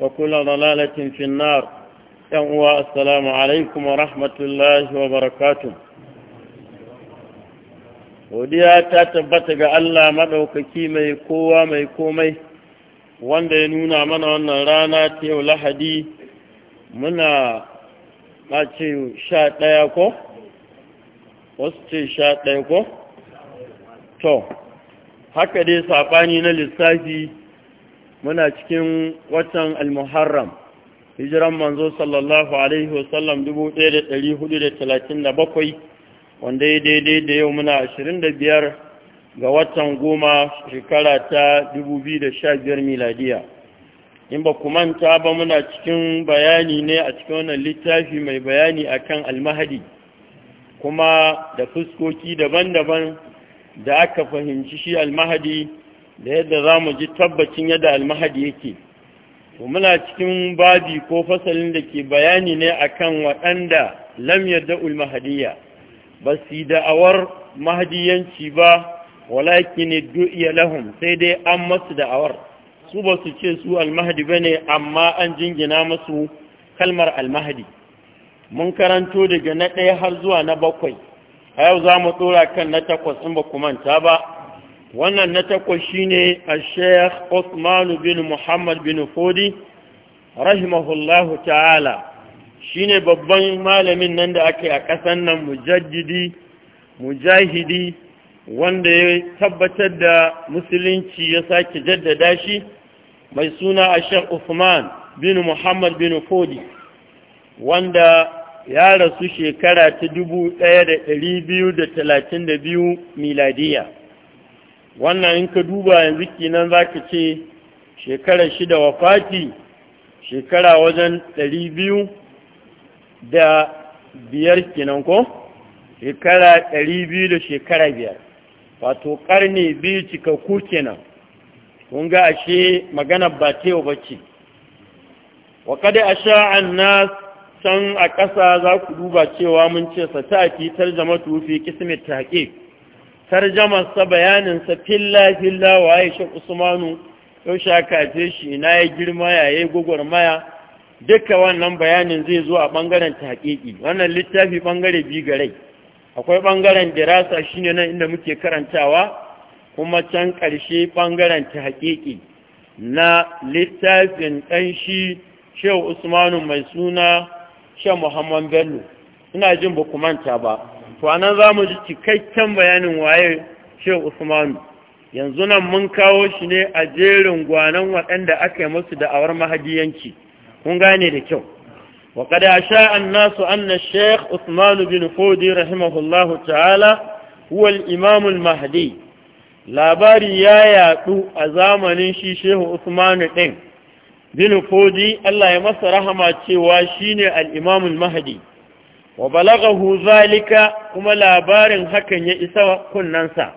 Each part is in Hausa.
وكل 'yan uwa, النار يوم السلام عليكم ورحمة الله وبركاته godiya ta tabbata ga Allah maɗaukaki mai kowa mai komai wanda ya nuna mana wannan rana ta yau lahadi muna ce sha ɗaya ko? wasu ce sha ɗaya ko? to haka dai saɓani na lissafi muna cikin watan al-muharram hijiran manzo sallallahu alaihi wasallam 1437 wanda ya daidai da yau muna 25 ga watan goma shekara ta 2015 miladiya in ba manta ba muna cikin bayani ne a cikin wannan littafi mai bayani akan almahadi kuma da fuskoki daban-daban da aka fahimci shi al almahadi da yadda za mu ji tabbacin yadda almahadi yake to muna cikin babi ko fasalin da ke bayani ne akan waɗanda lam yadda ulmahadiyya ba su da'awar mahadiyanci ba ne du'iya lahum sai dai an masu da'awar su ba su ce su almahadi ba ne amma an jingina masu kalmar almahadi mun karanto daga na ɗaya har zuwa na bakwai a yau za mu ɗora kan na takwas in ba ku manta ba wannan na takwas shi ne a sheikh Osman bin Muhammad bin Fodi rahimahullahu ta'ala shi ne babban malamin nan da ake a ƙasan nan mujajidi mujahidi wanda ya tabbatar da musulunci ya sake jaddada shi mai suna a sheikh Usman bin Muhammad bin Fodi wanda ya rasu shekara ta da biyu biyu miladiyya wannan in ka duba yanzu kenan za ka ce shekara shida wafati shekara wajen ɗari biyu da biyar kenan ko shekara ɗari biyu da shekara biyar wato ƙarni biyu cikakku kenan kun ga ashe magana ba ce wa bacci wa kada a sha'an na can a ƙasa za ku duba cewa mun ce sa ta fi tarjama tufi kismet taƙe tarjamarsa bayaninsa filla-filla wa aisha usmanu yau shakace shi ina ya girma yayi gwagwarmaya duka wannan bayanin zai zo a ɓangaren taƙiƙi wannan littafi ɓangare biyu ga rai akwai ɓangaren dirasa shine nan inda muke karantawa kuma can ƙarshe ɓangaren taƙiƙi na littafin ɗanshi shehu usmanu mai suna shan muhammad bello ina jin ba ku manta ba to anan za mu ji cikakken bayanin waye shehu usmanu yanzu nan mun kawo shi ne a jerin gwanan waɗanda aka yi musu da'awar mahadiyanci kun gane da kyau wa kada asha an-nasu anna sheikh usman bin fudi rahimahullahu ta'ala huwa al-imam al-mahdi labari ya yadu a zamanin shi shehu usman din bin fudi Allah ya masa rahama cewa shine al-imam al-mahdi wa balagahu zalika kuma labarin hakan ya isa kunnansa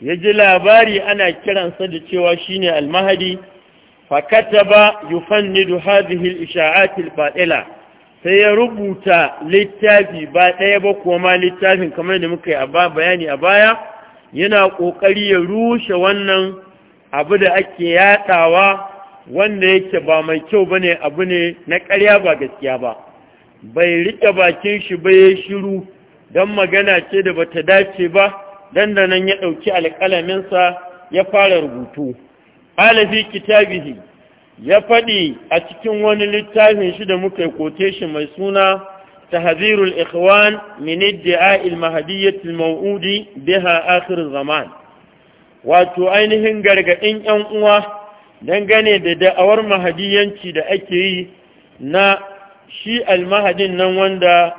ya ji labari ana kiransa da cewa shine al-mahdi fa kataba yufannidu hadhihi al-isha'at al sai ya rubuta littafi ba ɗaya ba kuwa ma littafin kamar da muka yi bayani a baya yana ƙoƙari ya rushe wannan abu da ake yaɗawa wanda yake ba mai kyau ba ne abu ne na ƙarya ba gaskiya ba bai riƙe bakin shi ba ya shiru don magana ce da bata dace ba don da nan ya ɗauki alƙalaminsa ya fara rubutu alafi kitabihi ya faɗi a cikin wani littafin shi da muka kote shi mai suna tahzirul ikhwan min idda'a al-mahdiyyah ma'udi biha akhir zaman wato ainihin gargaɗin 'yan uwa dangane da da'awar mahadiyyanci da ake yi na shi almahadin nan wanda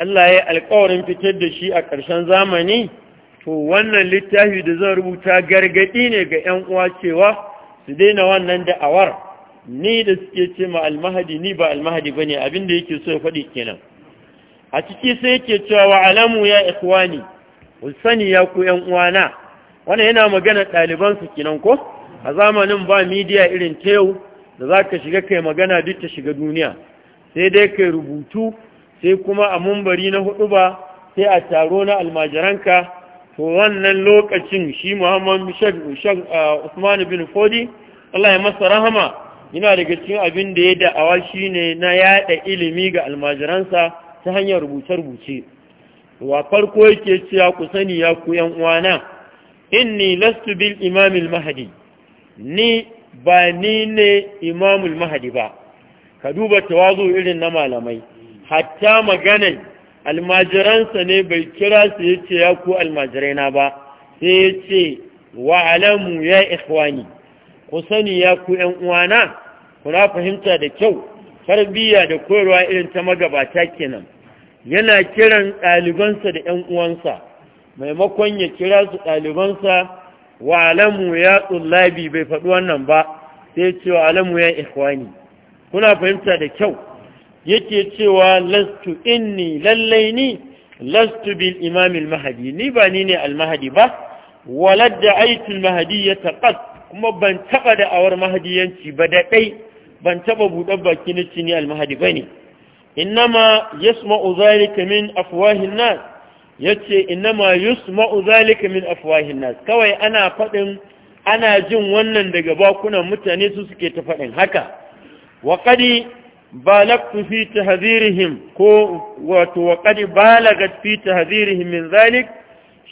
Allah ya alƙawarin fitar da shi a ƙarshen zamani to wannan littafi da zan rubuta gargaɗi ne ga 'yan uwa cewa su daina wannan da'awar ni da suke ce ma almahadi ni ba almahadi ba ne abinda yake so ya faɗi kenan a ciki sai yake cewa wa alamu ya ku sani ya ku 'yan uwana wannan yana magana ɗalibansu kenan ko a zamanin ba midiya irin ta da za ka shiga kai magana duk ta shiga duniya sai dai kai rubutu sai kuma a mumbari na hudu ba sai a taro na almajiranka to wannan lokacin shi muhammad shek uh, usman bin fodi allah ya masa rahama yana daga cikin abin da ya da'awa shine na yada ilimi ga almajiransa ta hanyar rubuce-rubuce wa farko yake cewa ku sani ya ku yan uwana inni lastu bil imamil mahdi ni ba ni ne imamul mahdi ba ka duba tawazu irin na malamai hatta magana almajiransa ne bai kira su ya ce ya ku almajiraina ba sai ya ce wa alamu ya ikhwani ku sani ya ku ƴan uwana kuna fahimta da kyau tarbiyya da koyarwa irin ta magabata kenan yana kiran ɗalibansa da ƴan uwansa maimakon ya kira su ɗalibansa wa alamu ya tsullabi bai faɗi wannan ba sai ce wa alamu ya ikhwani kuna fahimta da kyau yake cewa lastu inni lallai ni lastu bil imamil mahadi ni ba ni ne almahadi ba walad da aitul mahadi ya taƙas kuma ban taɓa da awar mahadiyanci ba da ɗai ban taɓa buɗe baki na cini almahadi ba ne innama yasma'u zalika min afwahin nas yace innama yasma'u zalika min afwahin nas kawai ana faɗin ana jin wannan daga bakunan mutane su suke ta faɗin haka waƙadi qadi balagtu fi tahdhirihim ko wato waƙadi balagat fi tahdhirihim min zalik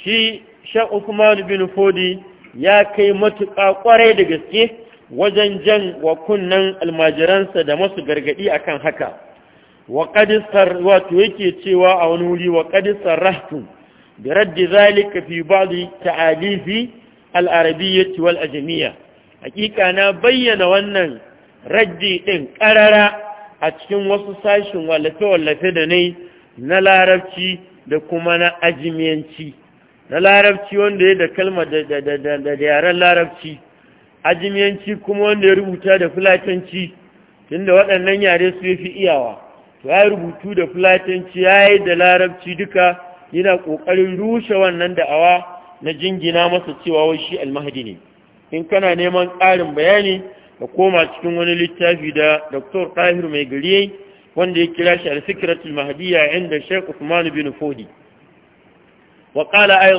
shi shan Usman bin Fodi ya kai matuƙa ƙwarai da gaske wajen jan wa kunnan almajiransa da masu gargaɗi akan haka wa wato yake cewa a wani wuri wa qadisar rahtu bi raddi zalika fi ba'd ta'alifi al-arabiyyah wal ajmiyya hakika na bayyana wannan raddi ɗin ƙarara a cikin wasu sashin wallafe-wallafe da ne na larabci da kuma na ajimiyanci na larabci wanda ya da kalmar da yaren larabci ajimiyanci kuma wanda ya rubuta da fulatanci tunda waɗannan yare su ya fi iyawa To ya rubutu da fulatanci ya yi da larabci duka yana ƙoƙarin rushe wannan da'awa na jingina masa cewa wai shi almahadi ne in kana neman ƙarin bayani ka koma cikin wani littafi da Dr. Tahir mai gari wanda ya kira shi al-Fikratul Mahdiyya inda Sheikh Usman bin Fodi wa qala a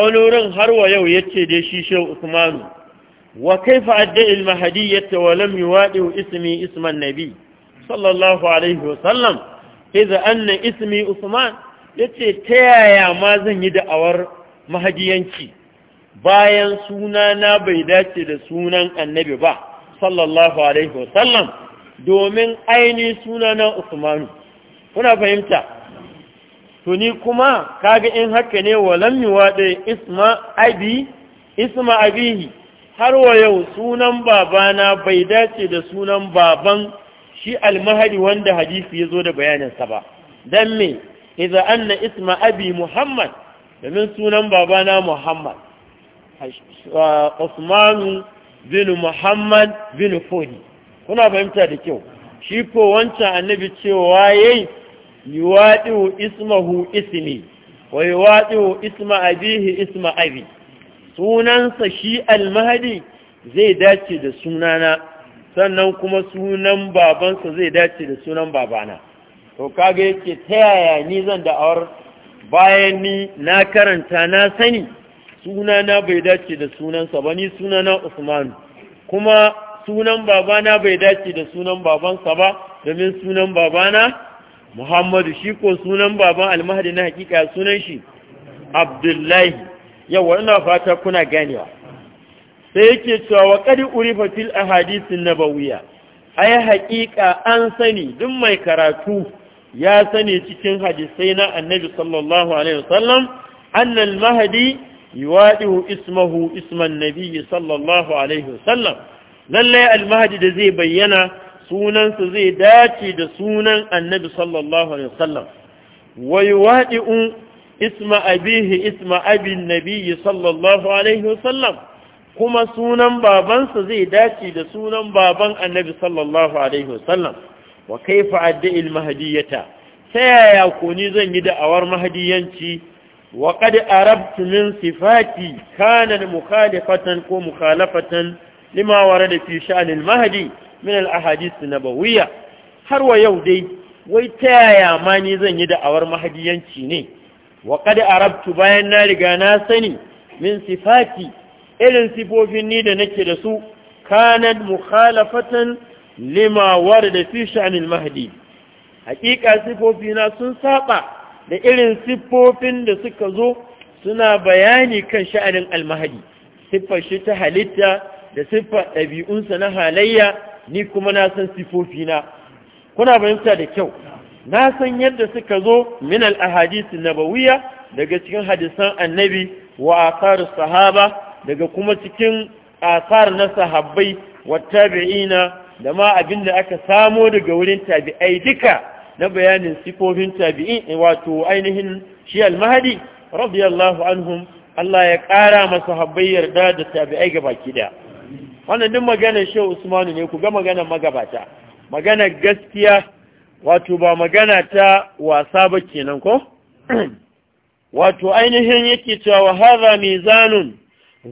wani wurin har wa yau yace da shi Sheikh Usman wa kaifa adda'i al-mahdiyyata wa lam yuwadi ismi isman nabi sallallahu alaihi wa sallam idza anna ismi Usman yace ta yaya ma zan yi da'awar mahdiyanci bayan suna na bai dace da sunan annabi ba sallallahu alaihi wasallam domin aini suna na usmanu kuna fahimta tuni kuma kaga in haka ne walam yuwaɗe isma abi isma abihi har wa yau sunan babana bai dace da sunan baban shi almahadi wanda hadisi ya zo da bayaninsa ba don me iza anna isma abi muhammad domin sunan babana muhammad Uh, Usmanu bin Muhammad bin Fodi kuna fahimta da kyau shi ko wancan annabi cewa yayi yuwaɗiwu ismahu ismi wa wa isma abihi isma abi sunansa shi almahadi zai dace da sunana sannan kuma sunan babansa zai dace da sunan babana to kaga yake ta yaya ni zan da'awar bayan ni na karanta na sani sunana bai dace da sunansa ba ni sunana Usman kuma sunan babana bai dace da sunan babansa ba domin sunan babana Muhammadu shi ko sunan baban Al-Mahdi na hakika sunan shi Abdullahi yawa ina fata kuna ganewa sai yake cewa wa qad urifa fil ahadithin nabawiyya ai hakika an sani duk mai karatu ya sani cikin hadisai na annabi sallallahu alaihi wasallam annal mahdi yuwaɗihu ismahu isman nabiyyi sallallahu alaihi wasallam lallai da zai bayyana sunansa zai dace da sunan annabi sallallahu alaihi wasallam wa yuwaɗi'u isma nabiyyi sallallahu kuma sunan babansa zai dace da sunan baban annabi sallallahu alaihi wasallam wa kaifa adda'il mahdiyata ta yaya ko ni zan yi da'awar mahdiyanci وقد أربت من صفاتي كان مخالفة ومخالفة لما ورد في شأن المهدي من الأحاديث النبوية har wa yau dai wai ta yaya mani zan yi da'awar mahadiyanci ne wa arabtu bayan na riga na sani min sifati irin sifofin ni da nake da su kanat mukhalafatan limawar warada fi sha'anil mahdi haqiqa sifofina sun saɓa. da irin siffofin da suka zo suna bayani kan sha'anin almahadi siffar shi ta halitta da siffar ɗabi'unsa na halayya ni kuma na san siffofina kuna fahimta da kyau na san yadda suka zo min Ahadisi na bawuya daga cikin hadisan annabi wa asar sahaba daga kuma cikin asar na sahabbai wa tabi'ina da ma abin da aka samo daga wurin tabi'ai duka na bayanin sifofin tabi'in eh, wato ainihin shi al-mahdi radiyallahu anhum Allah ya ƙara masa habbai yarda da tabi'ai gaba da wannan din maganar shi Usmanu ne ku ga magana magabata maganar gaskiya wato ba magana ta wasa ba kenan ko wato ainihin yake cewa wa hadha mizanun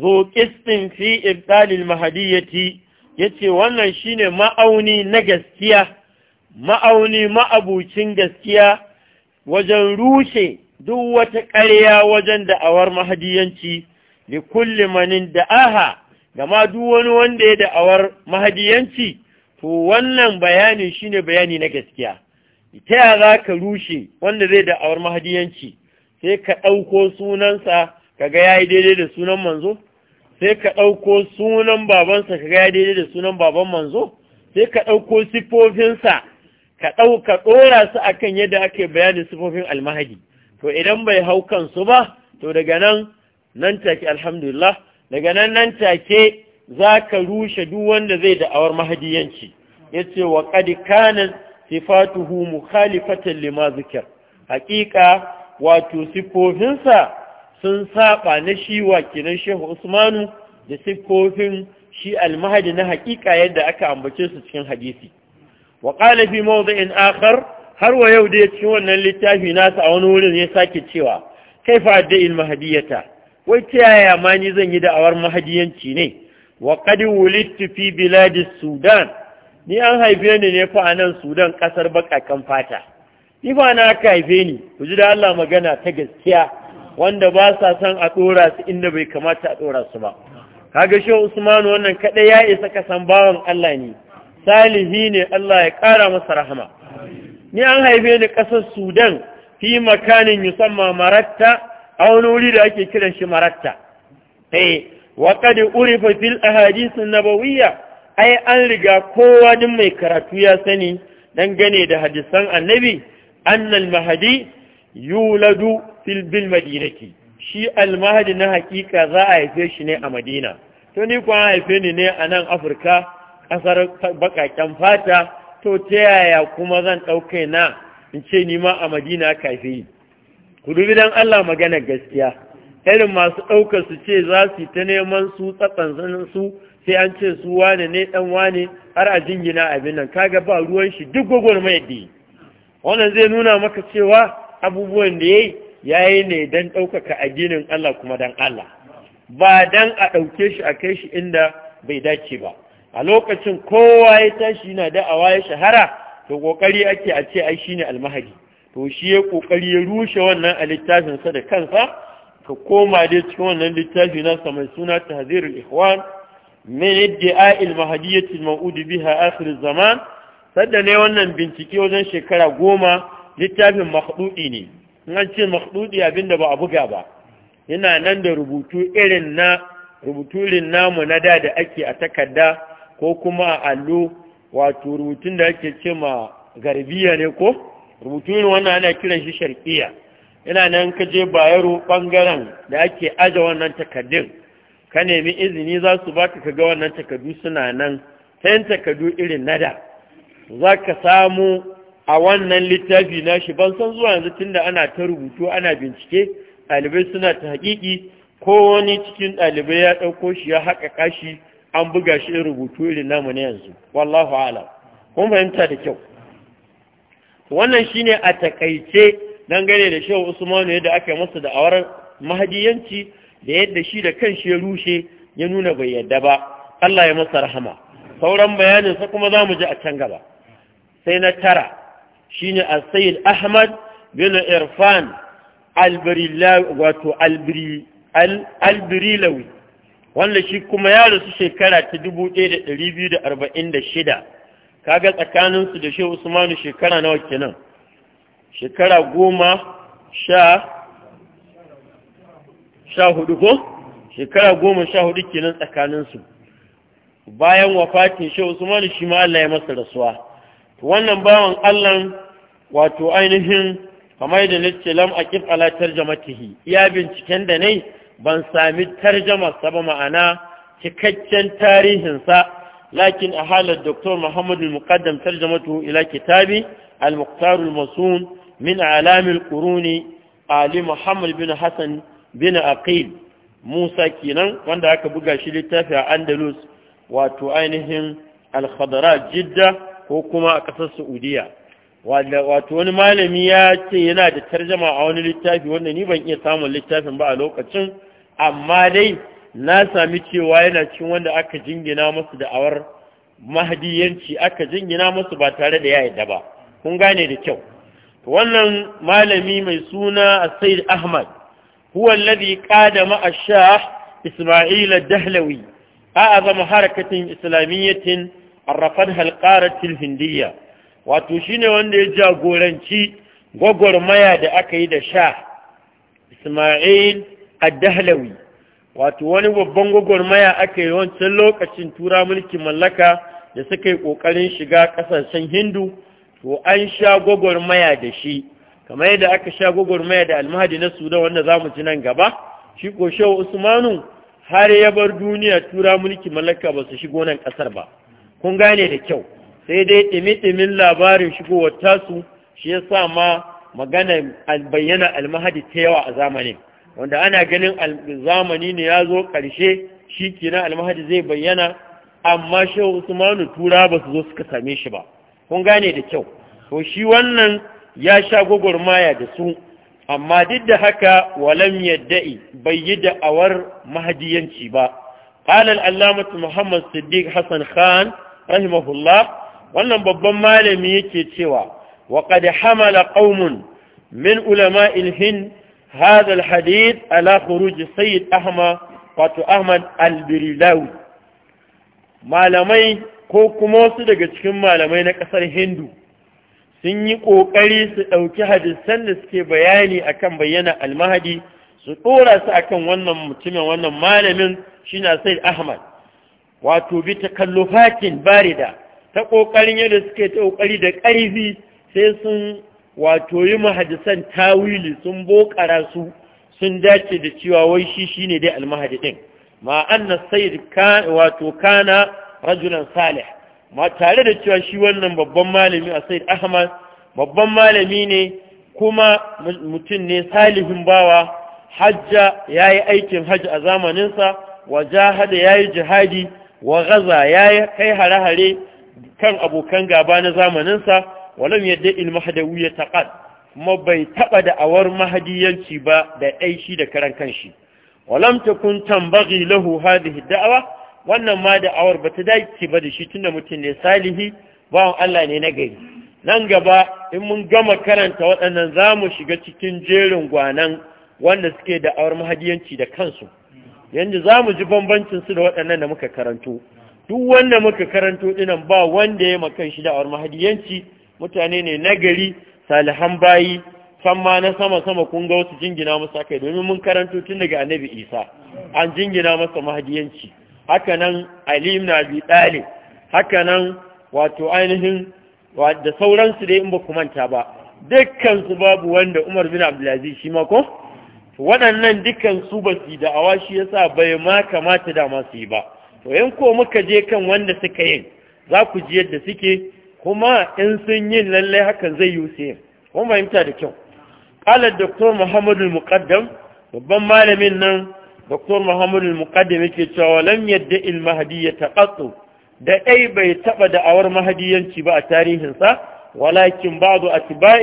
zo qistin fi ibdal al-mahdiyyati yace wannan shine ma'auni na gaskiya ma'auni ma'abucin gaskiya wajen rushe duk wata ƙarya wajen da'awar mahadiyanci li kulli manin da'aha gama duk wani wanda ya da'awar mahadiyanci to wannan bayani shine bayani na gaskiya ta ya za ka rushe wanda zai da'awar mahadiyanci sai ka ɗauko sunansa kaga ya yi daidai da sunan manzo sai ka ɗauko sunan babansa kaga ya daidai da sunan baban manzo sai ka ɗauko siffofinsa ka ɗauka ɗora su akan yadda ake bayanin sifofin almahadi to idan bai hau kansu ba to daga nan nan take alhamdulillah daga nan nan take za ka rushe duk wanda zai da'awar mahadiyanci ya ce wa ƙadi kanan sifatuhu mukhalifatan lima zikir haƙiƙa wato sifofinsa sun saba na shi wakilan shehu usmanu da sifofin shi almahadi na haƙiƙa yadda aka ambace su cikin hadisi wa qala fi mawdhi'in har wa yau da cikin wannan littafi nasa a wani wurin ya sake cewa fa'adda in mahdiyata wai ta yaya ma ni zan yi da'awar mahadiyanci ne wa qad wulidtu fi biladi sudan ni an haife ni ne fa a nan sudan kasar bakakan fata ni fa na aka haife ni ku ji da Allah magana ta gaskiya wanda ba sa san a dora su inda bai kamata a dora su ba kaga shehu usman wannan kaɗai? ya isa kasan bawan Allah ne salihi ne Allah ya ƙara masa rahama ni an haife ni ƙasar sudan fi makanin yusamma maratta a wani wuri da ake kiran shi maratta eh wa qad fafil a na nabawiyya ai an riga kowa din mai karatu ya sani don gane da hadisan annabi annal mahadi yuladu fil bil madinati shi almahadi na hakika za a haife shi ne a madina to ni kuwa haife ni ne a nan afirka ƙasar baƙaƙen fata to ta yaya kuma zan ɗauke na in ce ni a madina kafe ku dubi don allah magana gaskiya irin masu ɗaukar su ce za su yi ta neman su tsatsan su sai an ce su wane ne ɗan wane har a jingina abin nan kaga ba ruwan shi duk mai da wannan zai nuna maka cewa abubuwan da ya yi ya ne don ɗaukaka addinin Allah kuma don Allah ba don a ɗauke shi a kai shi inda bai dace ba a lokacin kowa ya tashi yana da'awa ya shahara to kokari ake a ce ai shine almahadi to shi ya kokari ya rushe wannan a littafinsa sa da kansa ka koma dai cikin wannan littafi nasa mai suna tahzirul ikhwan min idda'i almahdiyyati almaw'ud biha akhir zaman sadda ne wannan bincike wajen shekara goma littafin makhdudi ne in an ce makhdudi abinda ba a buga ba yana nan da rubutu irin na rubutu irin namu na da da ake a takarda ko kuma allo wato rubutun da ake ce ma garbiya ne ko Rubutun wannan ana kiran shi sharqiya ina nan ka je bayaro bangaren da ake aje wannan takaddun ka nemi izini za su baka kaga wannan takaddu suna nan yin takaddu irin nada za ka samu a wannan littafi na shi ban san zuwa yanzu tunda ana ta rubutu ana bincike ɗalibai suna ta haƙiƙi ko wani cikin ɗalibai ya ɗauko shi ya haƙa shi an buga shi rubutu irin namu na yanzu wallahu alam kun fahimta da kyau wannan shine a takaice dangane da shehu usmanu yadda aka masa da awar mahadiyanci da yadda shi da kan shi rushe ya nuna bai yadda ba Allah ya masa rahama sauran bayanin sa kuma zamu ji a can gaba sai na tara shine asayid sayyid ahmad bin irfan al wato al wanda shi kuma ya rasu shekara ta 1246 kaga tsakaninsu da shehu usmanu shekara nawa kenan shekara goma sha sha hudu ko shekara goma sha hudu kenan tsakaninsu bayan wafatin shehu usmanu shi ma Allah ya masa rasuwa wannan bawan Allah wato ainihin kamar da ce lam a aqif ala tarjamatihi iya binciken da ne ban sami tarjamarsa ba ma'ana cikakken tarihinsa lakin a halar Dr. Muhammadu Muqaddam tarjamatu ila kitabi al-Muqtar masun min alamil kuruni, Ali Muhammad bin Hassan bin Aqil Musa kenan wanda aka buga shi littafi a Andalus wato ainihin al-Khadara Jidda ko kuma a ƙasar Saudiya wato wani malami ya ce yana da tarjama a wani littafi wanda ni ban iya samun littafin ba a lokacin amma dai na sami cewa yana cin wanda aka jingina masu da'awar mahadiyanci aka jingina masu ba tare da ya yadda ba kun gane da kyau wannan malami mai suna Said Ahmad huwa alladhi qadama a shah Isma'il ad-Dahlawi azama harakatin islamiyyatin arrafadha al-qarat hindiyya wato shine wanda ya jagoranci gwagwarmaya da aka yi da shah Isma'il addahlawi wato wani babban gwagwarmaya aka yi wancan lokacin tura mulkin mallaka da suka yi ƙoƙarin shiga ƙasashen hindu to an sha gwagwarmaya da shi kamar yadda aka sha gwagwarmaya da almahadi na sudan wanda za mu ci nan gaba shi ko shehu usmanu har ya bar duniya tura mulkin mallaka ba su shigo nan ƙasar ba kun gane da kyau sai dai ɗimi-ɗimin labarin shigowar tasu shi ya sa ma magana bayyana almahadi ta yawa a zamanin wanda ana ganin zamani ne ya zo ƙarshe shi kenan almahadi zai bayyana amma shehu usmanu tura ba su zo suka same shi ba kun gane da kyau to shi wannan ya sha gwagwarmaya da su amma duk da haka walam yadda'i bai yi da'awar mahadiyanci ba qalal allamatu muhammad siddiq hassan khan rahimahullah wannan babban malami yake cewa wa qad hamala qaumun min ulama'il hind هذا الحديث على خروج السيد wato Ahmad al-Birilawi malamai ko kuma wasu daga cikin malamai na ƙasar Hindu sun yi ƙoƙari su ɗauki hadisan da suke bayani akan bayyana almahadi su ɗora su akan wannan mutumin wannan malamin shine Sayyid Ahmad wato bi takallufatin barida ta ƙoƙarin yadda suke ta ƙoƙari da ƙarfi sai sun wato yi mahadisan tawili sun bokara su sun dace da cewa wai shi shi ne dai almahadi ma anna wato kana rajulan salih ma tare da cewa shi wannan babban malami a sayyid ahmad babban malami ne kuma mutum ne salihin bawa hajja ya yi aikin hajji a zamaninsa wa jahada ya yi jihadi wa gaza ya kai hare-hare kan abokan gaba na zamaninsa walam yadda ilmahadawi ya taƙad kuma bai taɓa da awar mahadiyanci ba da ɗai shi da karan kanshi walam ta kun tambagi lahu hadhihi wannan ma da awar ba ta dace ba da shi tunda mutum ne salihi bawan Allah ne na gari nan gaba in mun gama karanta waɗannan zamu shiga cikin jerin gwanan wanda suke da awar mahadiyanci da kansu yanzu zamu ji bambancin su da waɗannan da muka karanto duk wanda muka karanto dinan ba wanda ya makan shi da awar mahadiyanci mutane ne nagari salihan bayi san ma na sama sama kun ga wasu jingina masa kai domin mun karanto tun daga annabi isa an jingina masa mahadiyanci haka nan ali ibn abi talib haka nan wato ainihin da sauransu dai in ba ku manta ba dukkan su babu wanda umar bin abdulaziz shi ma ko waɗannan dukkan su ba su da'awa shi yasa bai ma kamata da masu yi ba to yan ko muka je kan wanda suka yin za ku ji yadda suke kuma in sun yi lallai hakan zai yi wuce kuma fahimta da kyau ƙalar Dr. muhammadu muqaddam babban malamin nan Dr. muhammadu muqaddam yake cewa lam yadda mahadi ya taɓatsu da ɗai bai taɓa da'awar mahadiyanci ba a tarihinsa walakin ba'du ta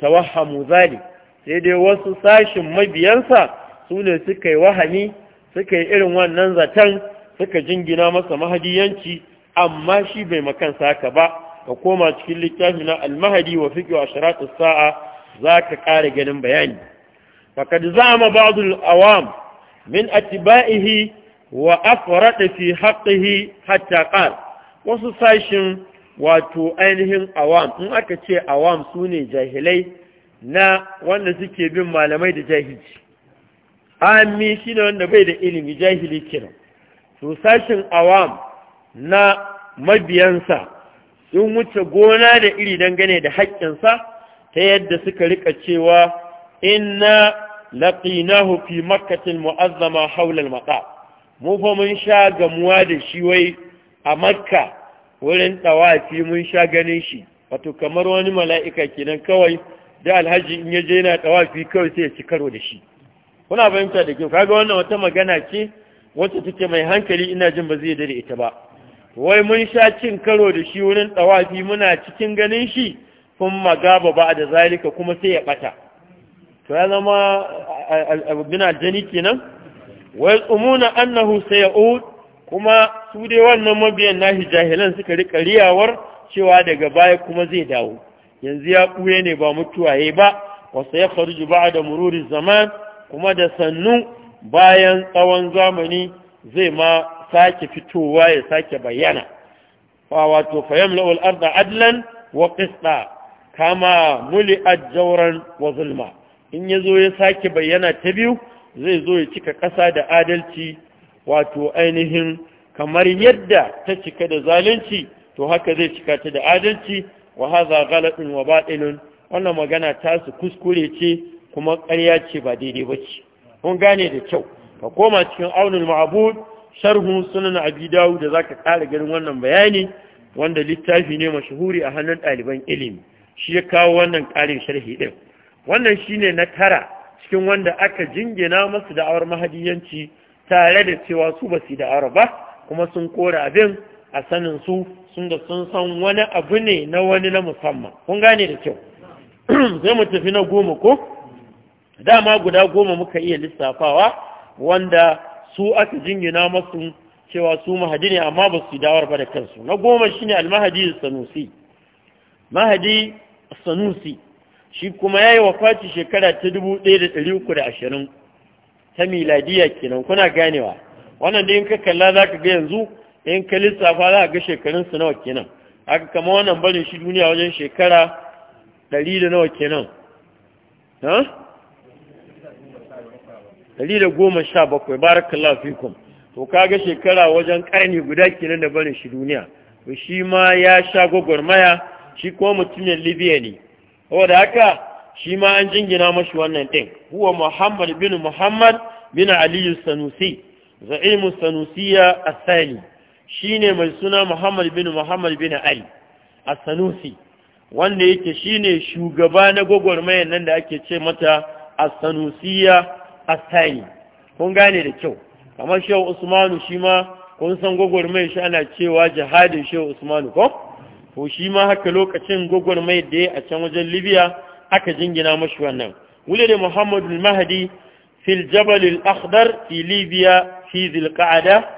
tawahhamu zali sai dai wasu sashin mabiyansa su ne suka yi wahami suka yi irin wannan zaton suka jingina masa mahadiyanci amma shi bai makansa haka ba ka koma cikin littafi na almahadi wa fiqh wa asharat as-sa'a zaka ƙara ganin bayani faqad zama ba'd al-awam min atba'ihi wa afrada fi haqqihi hatta ƙar wasu sashin wato ainihin awam in aka ce awam sune jahilai na wanda suke bin malamai da jahilci shi shine wanda bai da ilimi jahili kiran to sashin awam na mabiyansa sun wuce gona da iri dangane da haƙƙinsa ta yadda suka rika cewa inna laqinahu fi makkatil mu'azzama hawla al mu fa mun sha gamuwa da shi wai a makka wurin tawafi mun sha ganin shi wato kamar wani mala'ika kenan kawai da alhaji in yaje yana tawafi kawai sai ya ci karo da shi kuna fahimta da kyau kaga wannan wata magana ce wacce take mai hankali ina jin ba zai dare ita ba wai mun sha cin karo da shi wurin tsawafi muna cikin ganin shi sun magaba ba da zalika kuma sai ya ɓata to ya zama abin aljani kenan wai tsumuna annahu sai ya'ud kuma su dai wannan mabiyan nahi jahilan suka rika riyawar cewa daga baya kuma zai dawo yanzu ya ɓuye ne ba mutuwaye ba wasu ya faruji ba da mururin zaman kuma da sannu bayan tsawon zamani zai ma sake fitowa ya sake bayyana fa wato al-ardha adlan wa qista kama muli'at jawran wa zulma in yazo ya sake bayyana ta biyu zai zo ya cika ƙasa da adalci wato ainihin kamar yadda ta cika da zalunci to haka zai cika ta da adalci wa haza ghalatun wa batilun wannan magana ta su kuskure ce kuma ƙarya ce ba daidai ba ce kun gane da kyau ka koma cikin aunin ma'abud sharhu sunan abi dawo da zaka ƙara ganin wannan bayani wanda littafi ne mashahuri a hannun ɗaliban ilimi shi ya kawo wannan ƙarin sharhi ɗin wannan shine na tara cikin wanda aka jingina masu da'awar mahadiyanci tare da cewa su basu su da'awar ba kuma sun kora abin a sanin su sun da sun san wani abu ne na wani na musamman kun gane da kyau sai mu tafi na goma ko dama guda goma muka iya lissafawa wanda su aka jingina masu cewa su mahadi ne amma ba su dawar ba da kansu na goma shine al da sanusi mahadi sanusi shi kuma ya yayi wafaci shekara ta 1320 ta miladiya kenan kuna ganewa wannan da yin ka kalla zaka ga yanzu in ka lissafa za ka ga shekarun nawa kenan aka kama wannan barin shi duniya wajen shekara 100 da nawa kenan dari da goma sha bakwai barakallahu fikum to kaga shekara wajen karni guda kenan da barin shi duniya to shi ma ya sha gwagwarmaya shi ko mutumin libya ne saboda haka shi ma an jingina mashi wannan ɗin huwa muhammad bin muhammad bin aliyu sanusi za'imu sanusiya asali shi mai suna muhammad bin muhammad bin ali a sanusi wanda yake shine shugaba na gwagwarmaya nan da ake ce mata a sanusiya astani kun gane da kyau kamar shehu usmanu shi ma kun san gwagwarmai shi ana cewa jihadin shehu usmanu ko to shi ma haka lokacin gwagwarmai da ya a can wajen libya aka jingina mashi wannan wule da muhammadu mahadi fil jabal al-akhdar fi libya fi qaada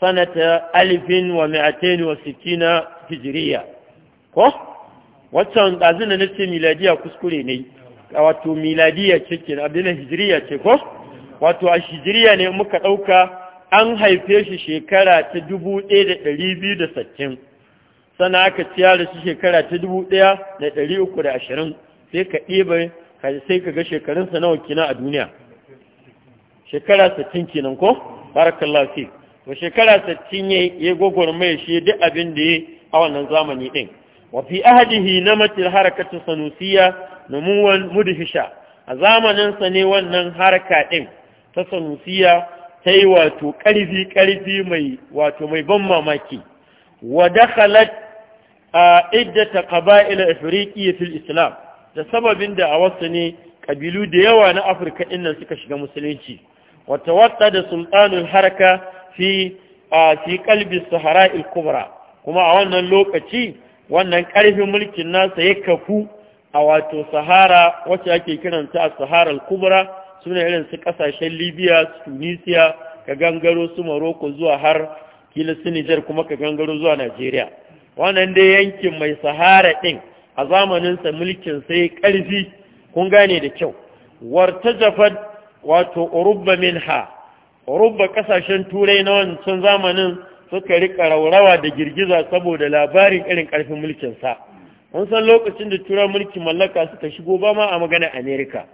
sanata alifin wa mi'atain wa sittina hijriya ko waccan ɗazina na ce miladiya kuskure ne wato miladiya ce ke abin hijriya ce ko wato a shijiriya ne muka ɗauka an haife shi shekara ta dubu ɗaya da ɗari biyu da sittin sana aka ciya da shi shekara ta dubu ɗaya da ɗari uku da ashirin sai ka ɗiba sai ka ga shekarunsa nawa kina a duniya shekara sittin kenan ko barakallah fi wa shekara sittin ya yi mai shi duk abin da ya a wannan zamani ɗin wa fi ahadihi na matil harakatu sanusiya numuwan mudhisha a zamaninsa ne wannan haraka ɗin ta sanusiya ta yi wato ƙarfi ƙarfi mai wato mai ban mamaki wa halat a iddata qaba'il afriqiyya fil islam da sababin da a wasu ne ƙabilu da yawa na afirka innan suka shiga musulunci Wata wata da sultanul haraka fi fi sahara sahara'il kubra kuma a wannan lokaci wannan ƙarfin mulkin nasa ya kafu a wato sahara wacce ake kiranta a saharar kubra suna irin su kasashen libya tunisia ka gangaro su morocco zuwa har kila su nijar kuma ka gangaro zuwa nigeria wannan dai yankin mai sahara ɗin a zamaninsa mulkin sai ƙarfi kun gane da kyau warta jafad wato urubba minha urubba ƙasashen turai na wancan zamanin suka rika raurawa da girgiza saboda labarin irin ƙarfin mulkinsa mun san lokacin da turan mulkin mallaka suka shigo ba ma a magana amerika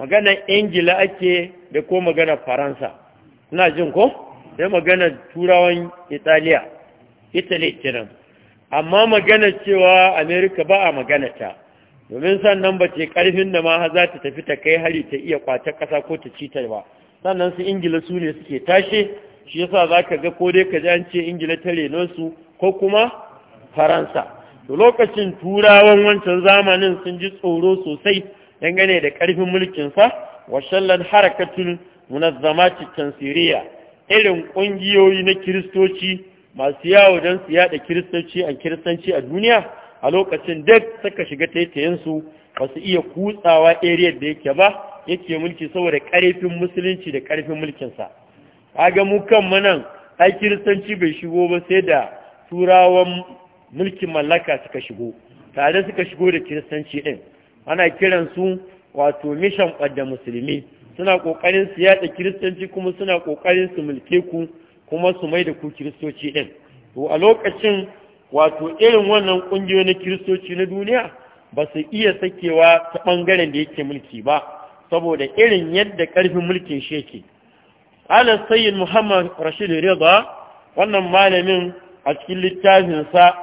maganar ingila ake da ko magana faransa na jin ko da magana turawan italiya italy kiran amma magana cewa america ba a magana ta. domin sannan ba ce karfin da ma za ta tafi ta kai hari ta iya kwace kasa ko ta cita ba sannan su ingila su ne suke tashe shi yasa za ka ga ko dai ka jan ce ingila ta renonsu ko kuma faransa to lokacin turawan wancan zamanin sun ji tsoro sosai dangane da ƙarfin mulkinsa wa shallan harakatun munazzamati tansiriya irin ƙungiyoyi na kiristoci masu yawo don su yaɗa kiristoci a kiristanci a duniya a lokacin duk suka shiga taitayensu ba su iya kutsawa ariyar da yake ba yake mulki saboda ƙarfin musulunci da ƙarfin mulkinsa kaga mu kan manan ai kiristanci bai shigo ba sai da turawan mulkin mallaka suka shigo tare suka shigo da kiristanci ɗin ana kiran su wato mission ɓadda musulmi suna ƙoƙarin su yaɗa kiristanci kuma suna ƙoƙarin su mulke ku kuma su mai da ku kiristoci ɗin to a lokacin wato irin wannan ƙungiyoyi na kiristoci na duniya ba su iya sakewa ta ɓangaren da yake mulki ba saboda irin yadda ƙarfin mulkin shi yake ala sayyid muhammad rashid reza wannan malamin a cikin littafinsa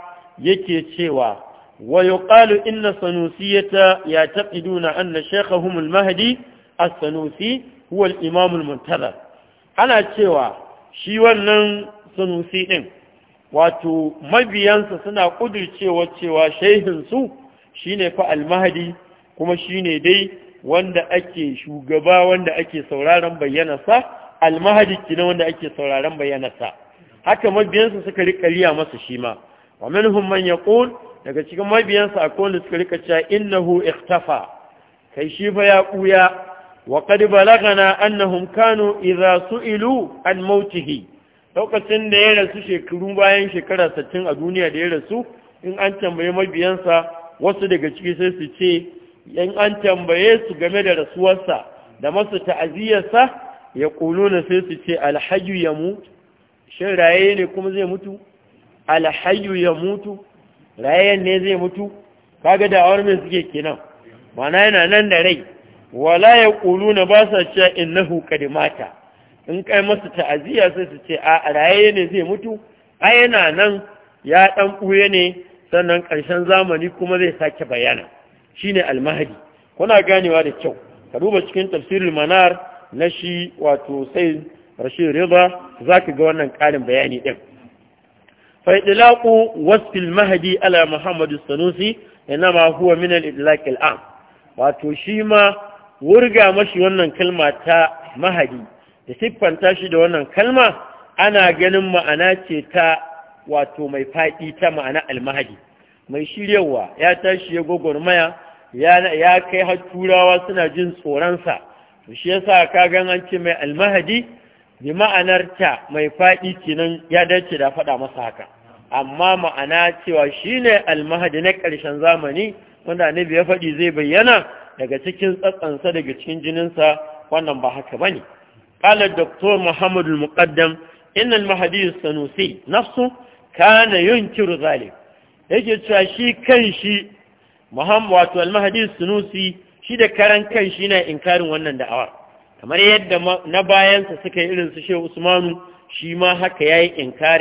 yake cewa ويقال إن الصنوسية يعتقدون أن شيخهم المهدي الصنوسي هو الإمام ana cewa shi wannan sanusi إن wato mabiyansa suna ƙudurcewa cewa shaihinsu shine ne fa kuma shine dai wanda ake shugaba wanda ake sauraron bayyanarsa almahadi kina wanda ake sauraron bayyanarsa haka mabiyansa suka riƙa riya masa shi ma wa minhum man yaqul daga cikin mabiyansa a kowane suka rika cewa innahu ikhtafa kai shi fa ya kuya wa na balagana Kano, Iza su ilu? an mautihi lokacin da ya rasu shekaru bayan shekara 60 a duniya da ya rasu in an tambaye mabiyansa wasu daga ciki sai su ce in an tambaye su game da rasuwarsa da masu ta'aziyarsa ya kuluna sai su ce alhaju ya mutu shin raye ne kuma zai mutu alhaju ya mutu rayayyan ne zai mutu kaga da awar mai suke kenan mana yana nan da rai wala ya ƙulu na ba sa cewa innahu kad mata in kai masa ta'aziyya sai su ce a raye ne zai mutu a yana nan ya ɗan ɓuye ne sannan karshen zamani kuma zai sake bayana shine almahadi kuna ganewa da kyau ka duba cikin tafsirin manar na shi wato sai rashid riba zaka ga wannan ƙarin bayani ɗin فإطلاق وصف المهدي على محمد السنوسي إنما هو من wato shi ma wurga mashi wannan kalma ta mahadi da siffanta shi da wannan kalma ana ganin ma'ana ce ta wato mai faɗi ta ma'ana almahadi mai shiryawa ya tashi ya gogormaya ya kai har turawa suna jin tsoronsa to shi yasa ka gan an ce mai almahadi bi ma'anarta mai faɗi kenan ya dace da faɗa masa haka amma ma'ana cewa shi shine almahadi na ƙarshen zamani wanda annabi ya faɗi zai bayyana daga cikin tsatsansa daga cikin jininsa wannan ba haka ba ne. bane قال muhammadu محمد المقدم mahadi sanusi nafsu kana yin kiru zalim yake cewa shi kan shi muhammad wato almahadi sanusi shi da karan kan shi na inkarin wannan da'awa kamar yadda na bayansa suka yi irin su shehu usmanu shi ma haka ya yi in da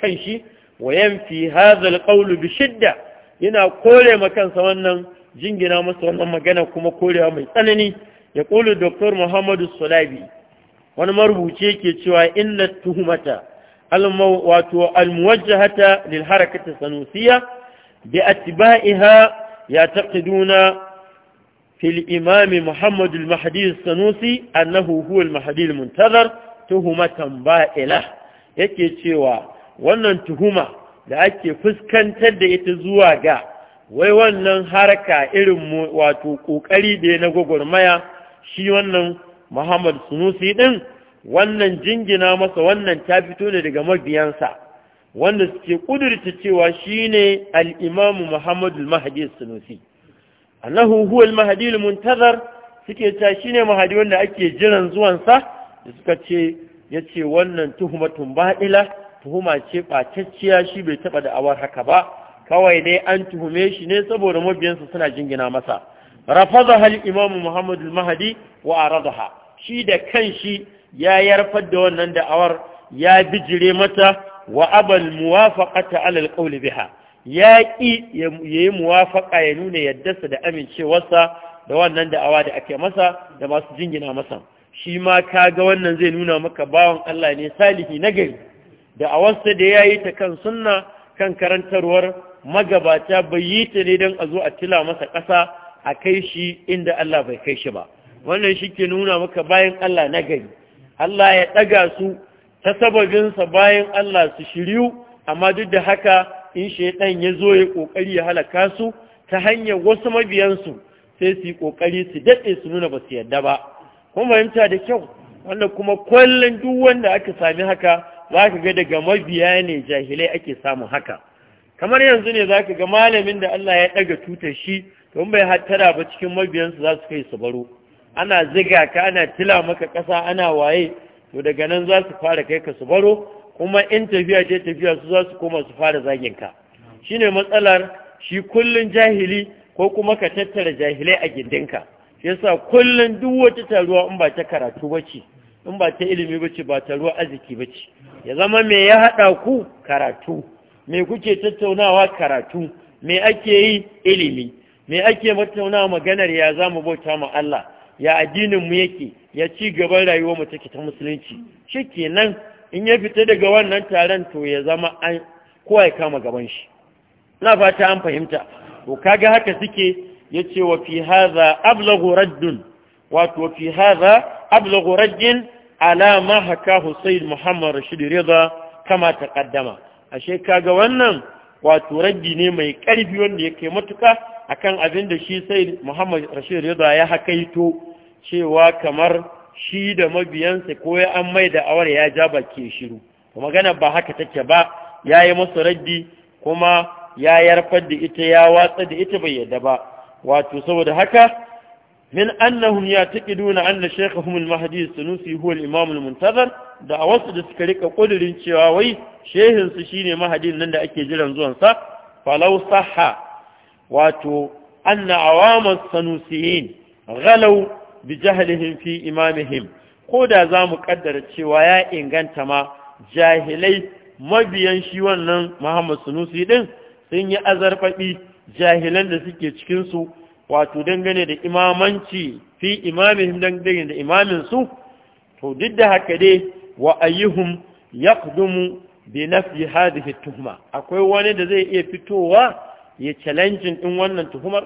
kan shi Wayan yanfi hadha alqawlu bi shidda yana kore makansa kansa wannan jingina masa wannan magana kuma korewa mai tsanani ya ƙulu dr muhammadu sulabi wani marubuci yake cewa inna tuhumata wato almuwajjahata lil harakati sanusiya bi atba'iha yataqiduna fil imam muhammad al mahdi sanusi annahu huwa al mahdi al muntazar tuhumatan ba'ila yake cewa wannan tuhuma da ake fuskantar da ita zuwa ga wai wannan haraka irin wato ƙoƙari da ya na gwagwarmaya shi wannan Muhammad Sunusi ɗin wannan jingina masa wannan ta fito ne daga mabiyansa wanda suke ƙudurta cewa shi ne al'imamu Muhammadu Mahadi Sunusi. Annahu huwal Mahadi Muntazar suke ta shi ne Mahadi wanda ake jiran zuwansa da suka ce ya ce wannan tuhumatun ba'ila tuhuma ce ɓatacciya shi bai taɓa da'awar haka ba kawai dai an tuhume shi ne saboda mabiyansa suna jingina masa rafaza hal imam muhammad mahadi wa aradaha shi da kanshi ya yarfar da wannan da'awar ya bijire mata wa abal muwafaqata ala alqawl biha ya ki yayi muwafaqa ya nuna yaddarsa da amincewarsa da wannan da'awa da ake masa da masu jingina masa shi ma kaga wannan zai nuna maka bawan Allah ne salihi nagari da a wasu da ya yi ta kan sunna kan karantarwar magabata bai yi ta ne don a zo a tila masa ƙasa a kai shi inda Allah bai kai shi ba wannan shi ke nuna maka bayan Allah na gari Allah ya ɗaga su ta sababinsa bayan Allah su shiryu amma duk da haka in shaiɗan ya zo ya ƙoƙari ya halaka su ta hanyar wasu mabiyansu sai su yi ƙoƙari su daɗe su nuna ba su yadda ba Kuma fahimta da kyau wanda kuma kwallon duk wanda aka sami haka za ka ga daga mabiya ne jahilai ake samun haka kamar yanzu ne za ka ga malamin da Allah ya ɗaga tutar shi don bai hattara ba cikin mabiyansu za su kai su baro ana ziga ka ana tila maka ƙasa ana waye to daga nan za su fara kai ka su baro kuma in tafiya ce tafiya su za su koma su fara zagin ka shine matsalar shi kullun jahili ko kuma ka tattara jahilai a gindinka shi yasa kullun duk wata taruwa in ba ta karatu ba ce in ba ta ilimi ba ce ba ta ruwa arziki ba ce ya zama me ya haɗa ku karatu me kuke tattaunawa karatu me ake yi ilimi me ake tattaunawa maganar ya za mu bauta ma Allah ya addinin yake ya ci gaban rayuwar mu take ta musulunci Shi nan, in ya fita daga wannan taron to ya zama an kowa ya kama gaban shi na fata an fahimta to kaga haka suke ya ce wa fi haza ablaghu raddun wato fi hada ablagu rajin ala ma hakahu muhammad rashid rida kama taqaddama ashe kaga wannan wato raddi ne mai karfi wanda yake matuka akan abin da shi sayyid muhammad rashid rida ya hakaito cewa kamar shi da mabiyansa ko ya an mai da awar ya ja baki shiru magana ba haka take ba yayi masa raddi kuma ya yarfar da ita ya watsa da ita bai yadda ba wato saboda haka min annahum yataqiduna anna shaykhahum al-mahdi sanusi huwa al-imam al wasu da suka rika ƙudurin cewa wai shehin su shine mahadin nan da ake jiran zuwan sa falau sahha wato anna awamas sanusiyin ghalau bi jahlihim fi imamihim ko da za mu kaddara cewa ya inganta ma jahilai mabiyan shi wannan Muhammad Sunusi din sun yi azarfaɗi jahilan da suke cikinsu wato dangane da imamanci fi imamihim dangane da imamin su to duk da haka dai wa ayyuhum yaqdumu bi nafi hadhihi tuhma akwai wani da zai iya fitowa ya challenge din wannan tuhumar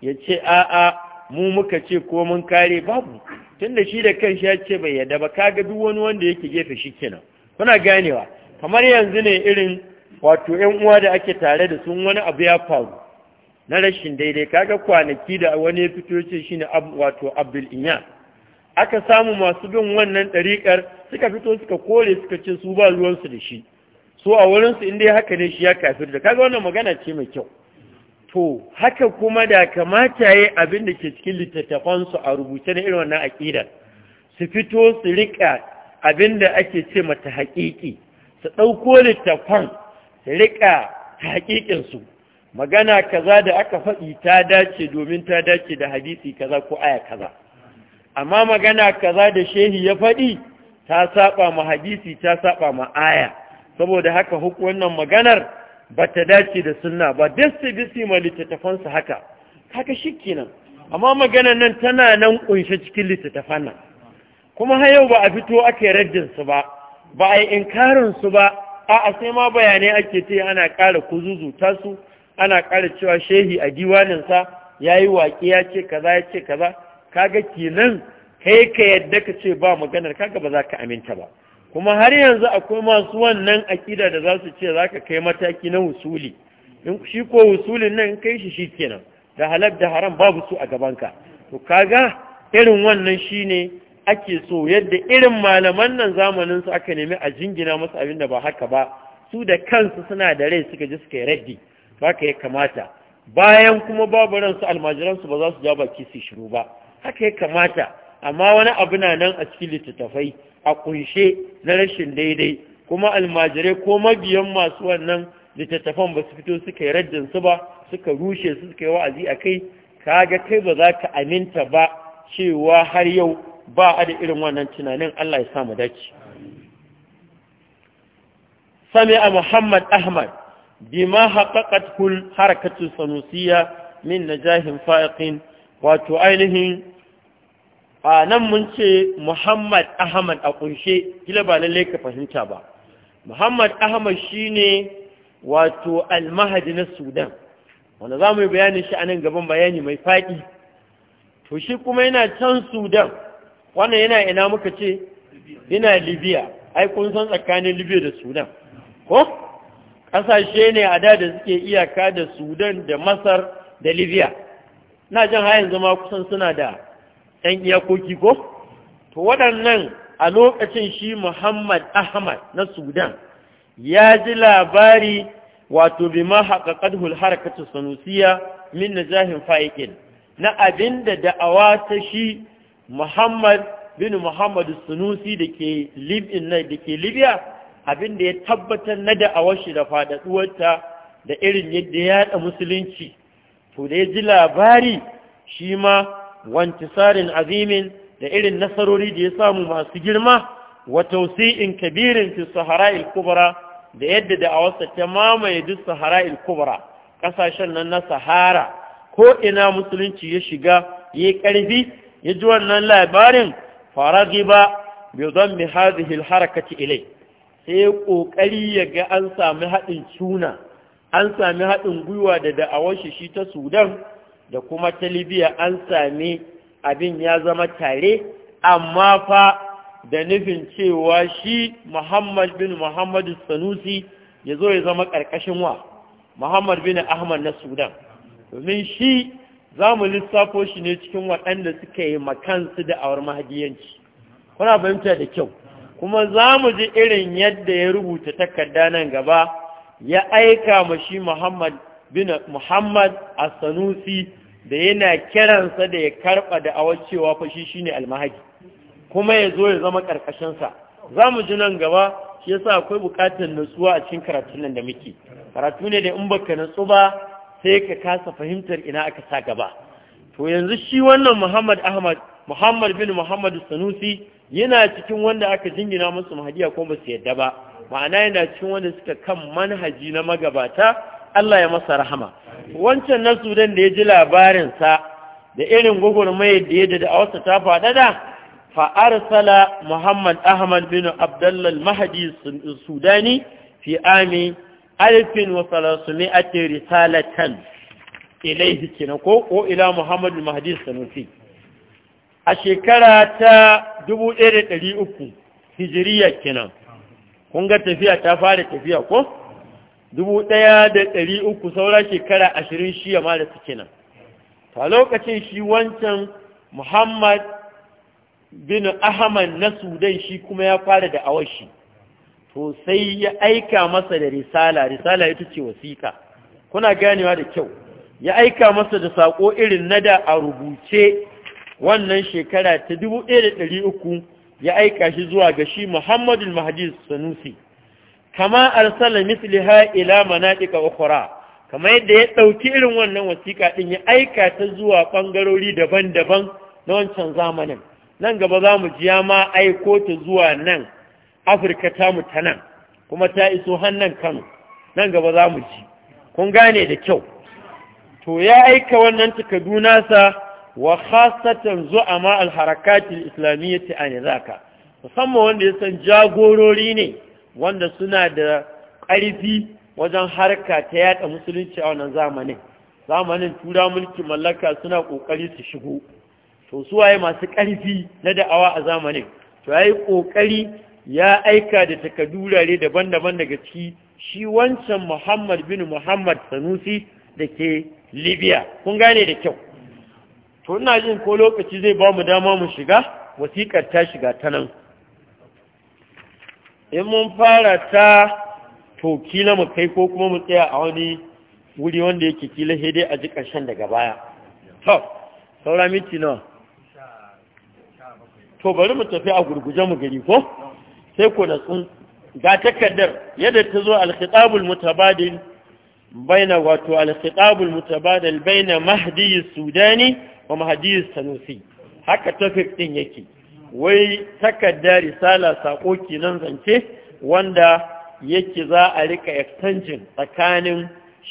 ya ce a'a mu muka ce ko mun kare babu tunda shi da kanshi ya ce bai yadda ba kaga duk wani wanda yake gefe shi kenan kuna ganewa kamar yanzu ne irin wato ƴan uwa da ake tare da sun wani abu ya faru na rashin daidai kaga kwanaki da wani ya fito ce shi ne wato Abdul Inya aka samu masu bin wannan ɗariƙar suka fito suka kore suka ce su ba ruwansu da shi so a wurinsu inda ya haka ne shi ya kafir da kaga wannan magana ce mai kyau to haka kuma da kamata ya abin da ke cikin littattafansu a rubuce na irin wannan aƙidar su fito su riƙa abin da ake ce mata haƙiƙi su ɗauko littattafan su riƙa ta haƙiƙinsu magana kaza da aka faɗi ta dace domin ta dace da hadisi kaza ko aya kaza amma magana kaza da shehi ya faɗi ta saba ma hadisi ta saba ma aya saboda haka huk wannan maganar ba ta dace da sunna ba dasti bisi ma littattafansa haka haka shi amma maganar nan tana nan kunshe cikin littattafan nan kuma har yau ba a fito aka yi raddin su ba ba a yi inkarin su ba a'a sai ma bayanai ake ce ana ƙara kuzuzu su ana ƙara cewa shehi a diwaninsa ya yi waƙe ya ce kaza ya ce kaza kaga kenan kai ka yadda ka ce ba maganar kaga ba za ka aminta ba kuma har yanzu akwai masu wannan aƙida da za su ce za ka kai mataki na wusuli in shi ko wusulin nan in kai shi shi kenan da halab da haram babu su a gabanka to ga irin wannan shi shine ake so yadda irin malaman nan zamanin su aka nemi a jingina masu abin da ba haka ba su da kansu suna da rai suka ji suka yi raddi haka ya kamata bayan kuma babu ransu almajiransu ba za su ja baki su shiru ba haka ya kamata amma wani abu na nan a cikin littattafai a kunshe na rashin daidai kuma almajirai ko mabiyan masu wannan littattafan ba su fito suka yi rajin su ba suka rushe su suka yi wa'azi a kai kaga kai ba za ka aminta ba cewa har yau ba a da irin wannan tunanin Allah ya sa mu dace sami a Muhammad Ahmad bima kul harakatun sanusiya min jahin fa'iƙin wato ainihin a nan mun ce muhammad ahmad a ƙunshe kila ba lallai ka fahimta ba muhammad ahmad shine wato almahadi na sudan wanda za mu yi bayanin shi a nan gaban bayani mai faɗi to shi kuma yana can sudan wannan yana ina muka ce yana libya ai kun san tsakanin libya da sudan ko ƙasashe ne a da da suke iyaka da sudan da masar da libya na jan hayan zama kusan suna da 'yan iyakoki ko to waɗannan a lokacin shi muhammad ahmad na sudan ya ji labari wato bi ma ƙadhul harakatu sanusiya min na jahin Faiƙin. na abinda da'awa ta shi muhammad bin Muhammadu sanusi da ke libya abin da ya tabbatar na da'awar shi da faɗaɗuwarta da irin yadda ya yaɗa musulunci to da ya ji labari shi ma wantisarin azimin da irin nasarori da ya samu masu girma wa tausi'in kabirin fi sahara'il kubra da yadda da'awarsa ta mamaye duk sahara kubra ƙasashen nan na sahara ko ina musulunci ya shiga ya ƙarfi ya ji wannan labarin ba, bai zan mi hazihil harakati ilai sai ƙoƙari ya ga an sami haɗin cuna, an sami haɗin gwiwa da da'awar shi shi ta sudan da kuma ta libya an sami abin ya zama tare amma fa da nufin cewa shi muhammad bin muhammadu sanusi ya zo ya zama ƙarƙashin wa muhammad bin ahmad na sudan domin shi za mu lissafo shi ne cikin waɗanda suka yi makansu da'awar mahadiyanci kuna fahimta da kyau kuma za mu ji irin yadda ya rubuta takarda nan gaba ya aika ma shi Muhammad bin Muhammad As-Sanusi da yana kiransa da ya karɓa da awacewa fa shi shine almahadi kuma ya zo ya zama karkashin sa za mu ji nan gaba shi yasa akwai bukatar nutsuwa a cikin karatun nan da muke karatu ne da in baka nutsu ba sai ka kasa fahimtar ina aka sa gaba to yanzu shi wannan Muhammad Ahmad muhammad bin muhammad sanusi yana cikin wanda aka jingina musu mahadiya ko ba su yadda ba ma'ana yana cikin wanda suka kan manhaji na magabata Allah ya masa rahama wancan na sudan da ya ji labarin sa da irin mai da ya da awasa ta fa fa'arsala muhammad ahmad bin al-Mahdi sudani fi ami alfin wa salasumi risalatan ilaihi kina ko ila muhammadu mahdi sanusi a shekara ta 1300 hijiriya kenan kun ga tafiya ta fara tafiya ko 1300 saura shekara 20 shi ya mara su kenan ta lokacin shi wancan muhammad bin ahmad na sudan shi kuma ya fara da awashi to sai ya aika masa da risala risala ita ce wasiƙa kuna ganewa da kyau ya aika masa da saƙo irin na da a rubuce wannan shekara ta da ɗari uku ya aika shi zuwa ga shi Muhammadul Mahdi Sanusi kama arsala misliha ila ɗika ukhra kama yadda ya ɗauki irin wannan wasiƙa ɗin ya aika ta zuwa ɓangarori daban-daban na wancan zamanin nan gaba za mu ji ma aiko ta zuwa nan Afirka ta mu ta nan kuma ta iso hannan Kano nan gaba za mu ji kun gane da kyau to ya aika wannan takardu nasa wa khasatan zu'ama al-harakatil islamiyyati an zaka musamman wanda ya san jagorori ne wanda suna da ƙarfi wajen harka ta yatsa musulunci a wannan zamanin zamanin tura mulki mallaka suna ƙoƙari su shigo to su waye masu ƙarfi na da'awa a zamanin to yayi ƙoƙari ya aika da takadurare daban-daban daga ciki shi wancan Muhammad bin Muhammad Sanusi da ke Libya kun gane da kyau to ina jin ko lokaci zai ba mu dama mu shiga wasiƙar ta shiga ta nan in mun fara ta to kila mu kai ko kuma mu tsaya a wani wuri wanda yake kila sai dai a ji ƙarshen daga baya to saura nawa to bari mu tafi a gurguje mu gari ko sai ko na tsun ga takardar yadda ta zo al-khitabul mutabadil بين واتو الخطاب المتبادل بين مهدي السوداني ومهدي السنوسي haka tafik ɗin yake wai takarda risala sako kenan zance wanda yake za a rika extension tsakanin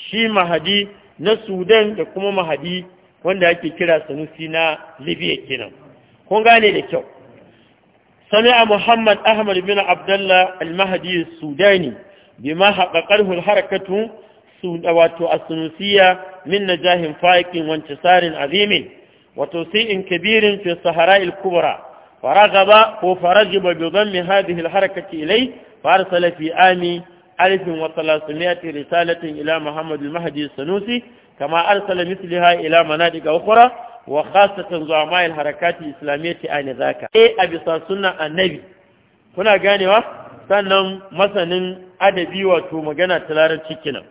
shi mahadi na Sudan da kuma mahadi wanda ake kira Sanusi na Libya kenan kun gane da kyau سمع محمد أحمد بن عبد الله المهدي السوداني بما حققه الحركة wato asanusiya min na jahin fa’aƙin wance tsarin azimin wato sai’in kabirin fi sahara il-kubara ko faraji ba bi zan min haɗe harkaci ilai far salafi ami alifin wa salasuniyati risalatin ila muhammadu mahadi sanusi kama arsala misliha ila manadi ga ukura wa khasatan zuwa harakati islamiyati a ne zaka e a bisa suna annabi kuna ganewa sannan masanin adabi wato magana ta larar cikinan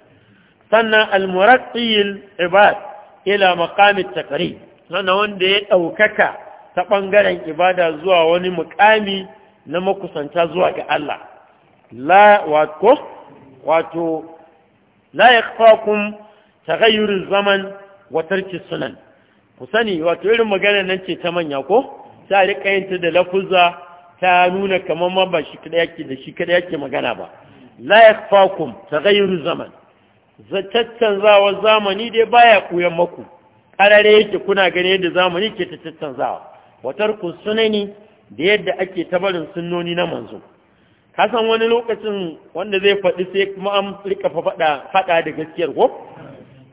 sannan almuraqqil ibad ila maqamit takari sannan wanda ya ɗaukaka ta ɓangaren ibada zuwa wani mukami na makusanta zuwa ga Allah la wato wato la yakhfakum taghayyuruz zaman wa tarki sunan ku sani wato irin magana nan ce ta manya ko ta rika da lafuzza ta nuna kamar ma ba shi kada yake da shi kada yake magana ba la yakhfakum taghayyuruz zaman caccanzawar zamani dai baya koyan maku karare yake kuna gani yadda zamani ke ta caccanzawa watar ku sunani da yadda ake tabarin sunnoni na manzo kasan wani lokacin wanda zai faɗi sai kuma an rika faɗa da gaskiyar ko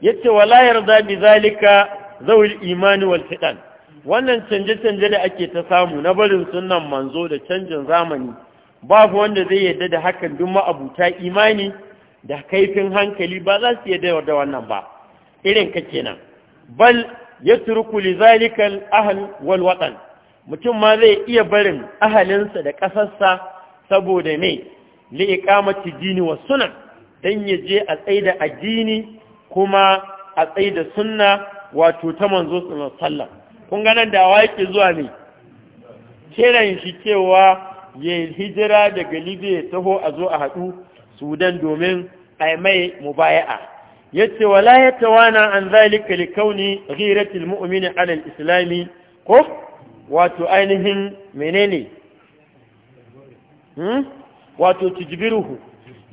yace wala yarda bi zalika zawil imani wal fitan wannan canje-canje da ake ta samu na barin sunnan manzo da canjin zamani babu wanda zai yarda da hakan duk ta imani da kaifin hankali ba za su yi da wannan ba irin ka kenan bal ya li zalika al ahl wal watan mutum ma zai iya barin ahalinsa da ƙasarsa saboda me li iqamati dini wa sunan dan ya je a tsaida addini kuma a tsaida sunna wato ta manzo sallallahu kun ga nan da waki zuwa ne kiran shi cewa ya hijira daga libya ya taho a zo a haɗu sudan domin a mubaya'a yace wala yatawana an zalika likauni ghiratil mu'mini ala al-islami ko wato ainihin menene hmm wato tujbiruhu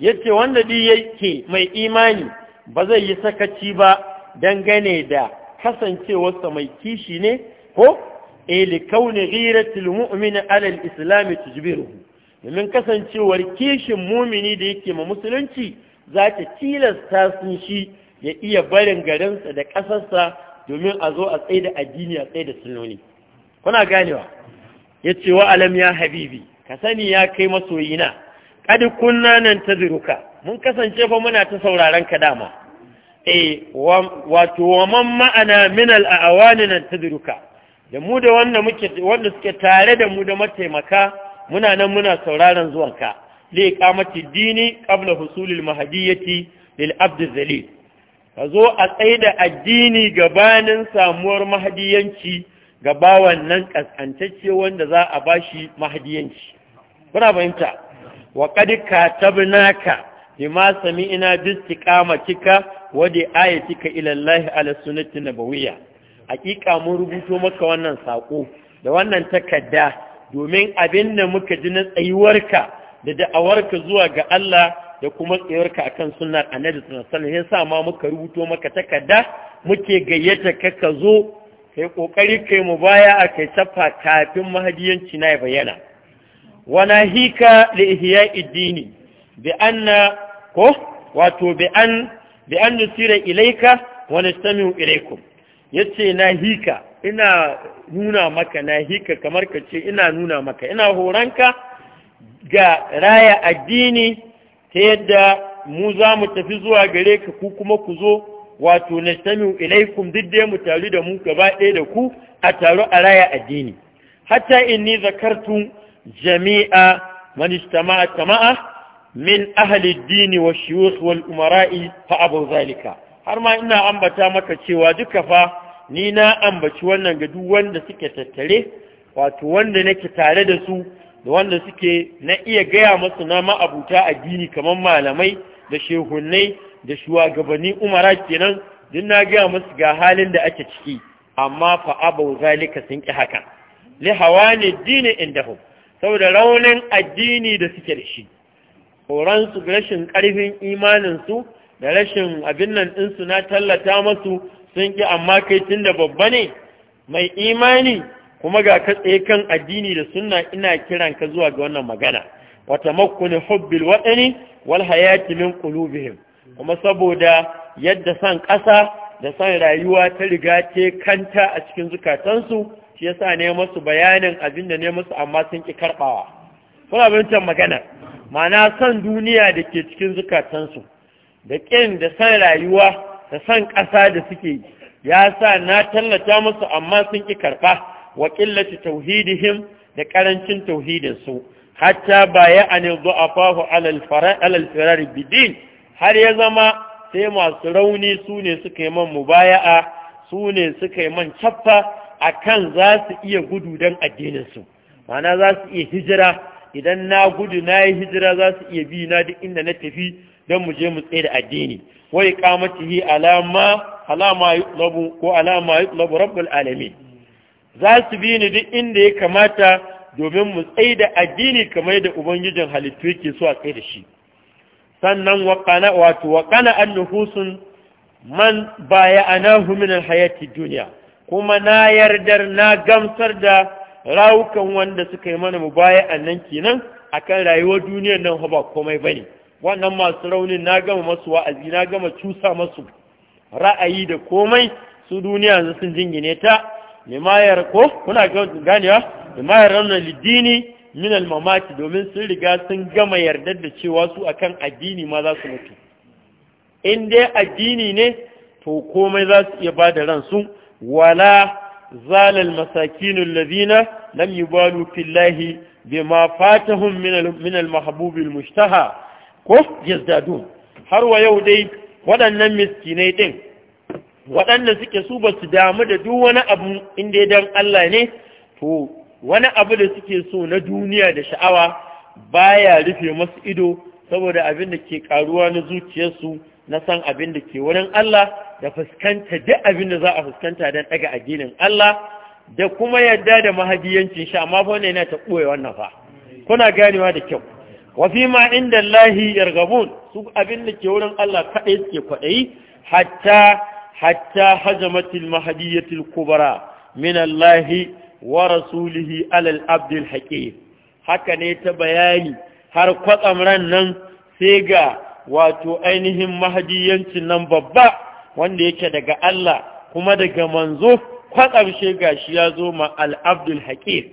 yace wanda di yake mai imani ba zai yi sakaci ba dangane da kasancewarsa mai kishi ne ko e eh, likauni ghiratil mu'mini ala al-islami tujbiruhu domin kasancewar kishin mumini da yake ma musulunci za ta tilasta sun shi ya iya barin garinsa da ƙasarsa domin a zo a tsaye da addini a tsaye da sunoni kuna ganewa ya ce wa alam ya habibi ka sani ya kai masoyina kadi kunna nan ta ziruka mun kasance fa muna ta sauraron ka dama eh wato wa man ma'ana min al awani nan ta ziruka da mu da wanda wanda suke tare da mu da mataimaka muna nan muna sauraron zuwanka li iqamati dini qabla husulil mahadiyyati lil abd zalil ka zo a tsaida addini gabanin samuwar mahadiyanci ga bawan nan kaskantacce wanda za a bashi mahadiyanci. kuna fahimta wa qad katabnaka bima sami'na bi istiqamatika wa di ayatika ila Allah ala sunnati nabawiyya hakika mun rubuto maka wannan sako da wannan takarda domin abin da muka ji na tsayuwarka da da'awarka zuwa ga Allah da kuma tsayuwarka akan sunnar annabi sallallahu alaihi wasallam ya sa ma muka rubuto maka takarda muke gayyata ka ka zo kai kokari kai mu baya a kai tafa kafin mahadiyanci na bayyana wa nahika li ihya'i dini bi anna ko wato bi an bi an nusira ilayka wa nastami'u ilaykum yace nahika ina nuna maka na hika kamar ka ce ina nuna maka ina horonka ga raya addini ta yadda mu za mu tafi zuwa gare ka ku kuma ku zo wato na sami ilaikum duk da mu taru da mu gaba ɗaya da ku a taru a raya addini hatta inni zakartu jami'a man istama'a tama'a min ahli wa shuyukh wal umara'i fa abu zalika har ma ina ambata maka cewa duka fa ni na ambaci wannan ga duk wanda suke tattare wato wanda nake tare da su da wanda suke na iya gaya masu na ma'abuta addini kamar malamai da shehunnai da shugabanni umara kenan duk na gaya masu ga halin da ake ciki amma fa abu zalika sun ki haka li hawani dini hu, saboda raunin addini da suke da shi horon su rashin karfin imanin su da rashin abin nan din na tallata masu sun ƙi amma kai tun da babba ne mai imani kuma ga ka tsaye kan addini da sunna ina kiran ka zuwa ga wannan magana wata makkuni hubbil waɗani wal hayati min qulubihim kuma saboda yadda san ƙasa da san rayuwa ta riga ce kanta a cikin zukatansu shi yasa ne masu bayanin abin da ne masu amma sun ƙi karɓawa kuna bincin magana ma'ana san duniya da ke cikin zukatansu da ƙin da san rayuwa ta san ƙasa da suke ya sa na tallata musu amma sun ƙi karɓa wa ƙillaci tauhidihim da ƙarancin tauhidinsu hatta ba ya ani du'afahu fahu alalfarar bidin har ya zama sai masu rauni su ne suka yi man mubaya'a su ne suka yi man cappa kan za su iya gudu don addininsu mana za su iya hijira idan na gudu na yi hijira za su iya bi na duk inda na tafi don mu je mu tsaye da addini Wai iqamatihi alama alama yutlabu ko alama yutlabu rabbul alamin za su bi ni duk inda ya kamata domin mu tsaida addini kamar da ubangijin halittu yake so a kai da shi sannan wato qana an nufusun man baya anahu min hayati duniya kuma na yardar na gamsar da rawukan wanda suka yi mana mubaya'an nan kenan akan rayuwar duniyar nan ba komai bane wannan masu raunin na gama masu wa'azi na gama cusa masu ra'ayi da komai su duniya yanzu sun jingine ta limayar ko kuna ganewa limayar raunin lidini min almamati domin sun riga sun gama yardar da cewa su akan addini ma za su mutu in dai addini ne to komai za su iya ba da ransu wala zalal masakinul ladina lam yubalu fillahi bima hun min al mahbubil mushtaha ko yazdadu har wa yau dai waɗannan miskinai din waɗanda suke su ba su damu da duk wani abu inda dan Allah ne to wani abu da suke so na duniya da sha'awa baya rufe masu ido saboda abin da ke karuwa na zuciyarsu na san abin da ke wurin Allah da fuskanta duk abin da za a fuskanta don ɗaga addinin Allah da kuma yadda da mahadiyancin sha amma fa wannan yana ta ɓoye wannan fa kuna ganewa da kyau wa ma inda Allahi yargabun su abin da ke wurin Allah kaɗai suke kwaɗayi hatta hatta hajamatil mahadiyatil kubara min Allahi wa rasulihi alal abdul haƙe haka ne ta bayani har kwatsam ran nan sai ga wato ainihin mahadiyancin nan babba wanda yake daga Allah kuma daga manzo kwatsam shi gashi ya zo ma al abdul haƙe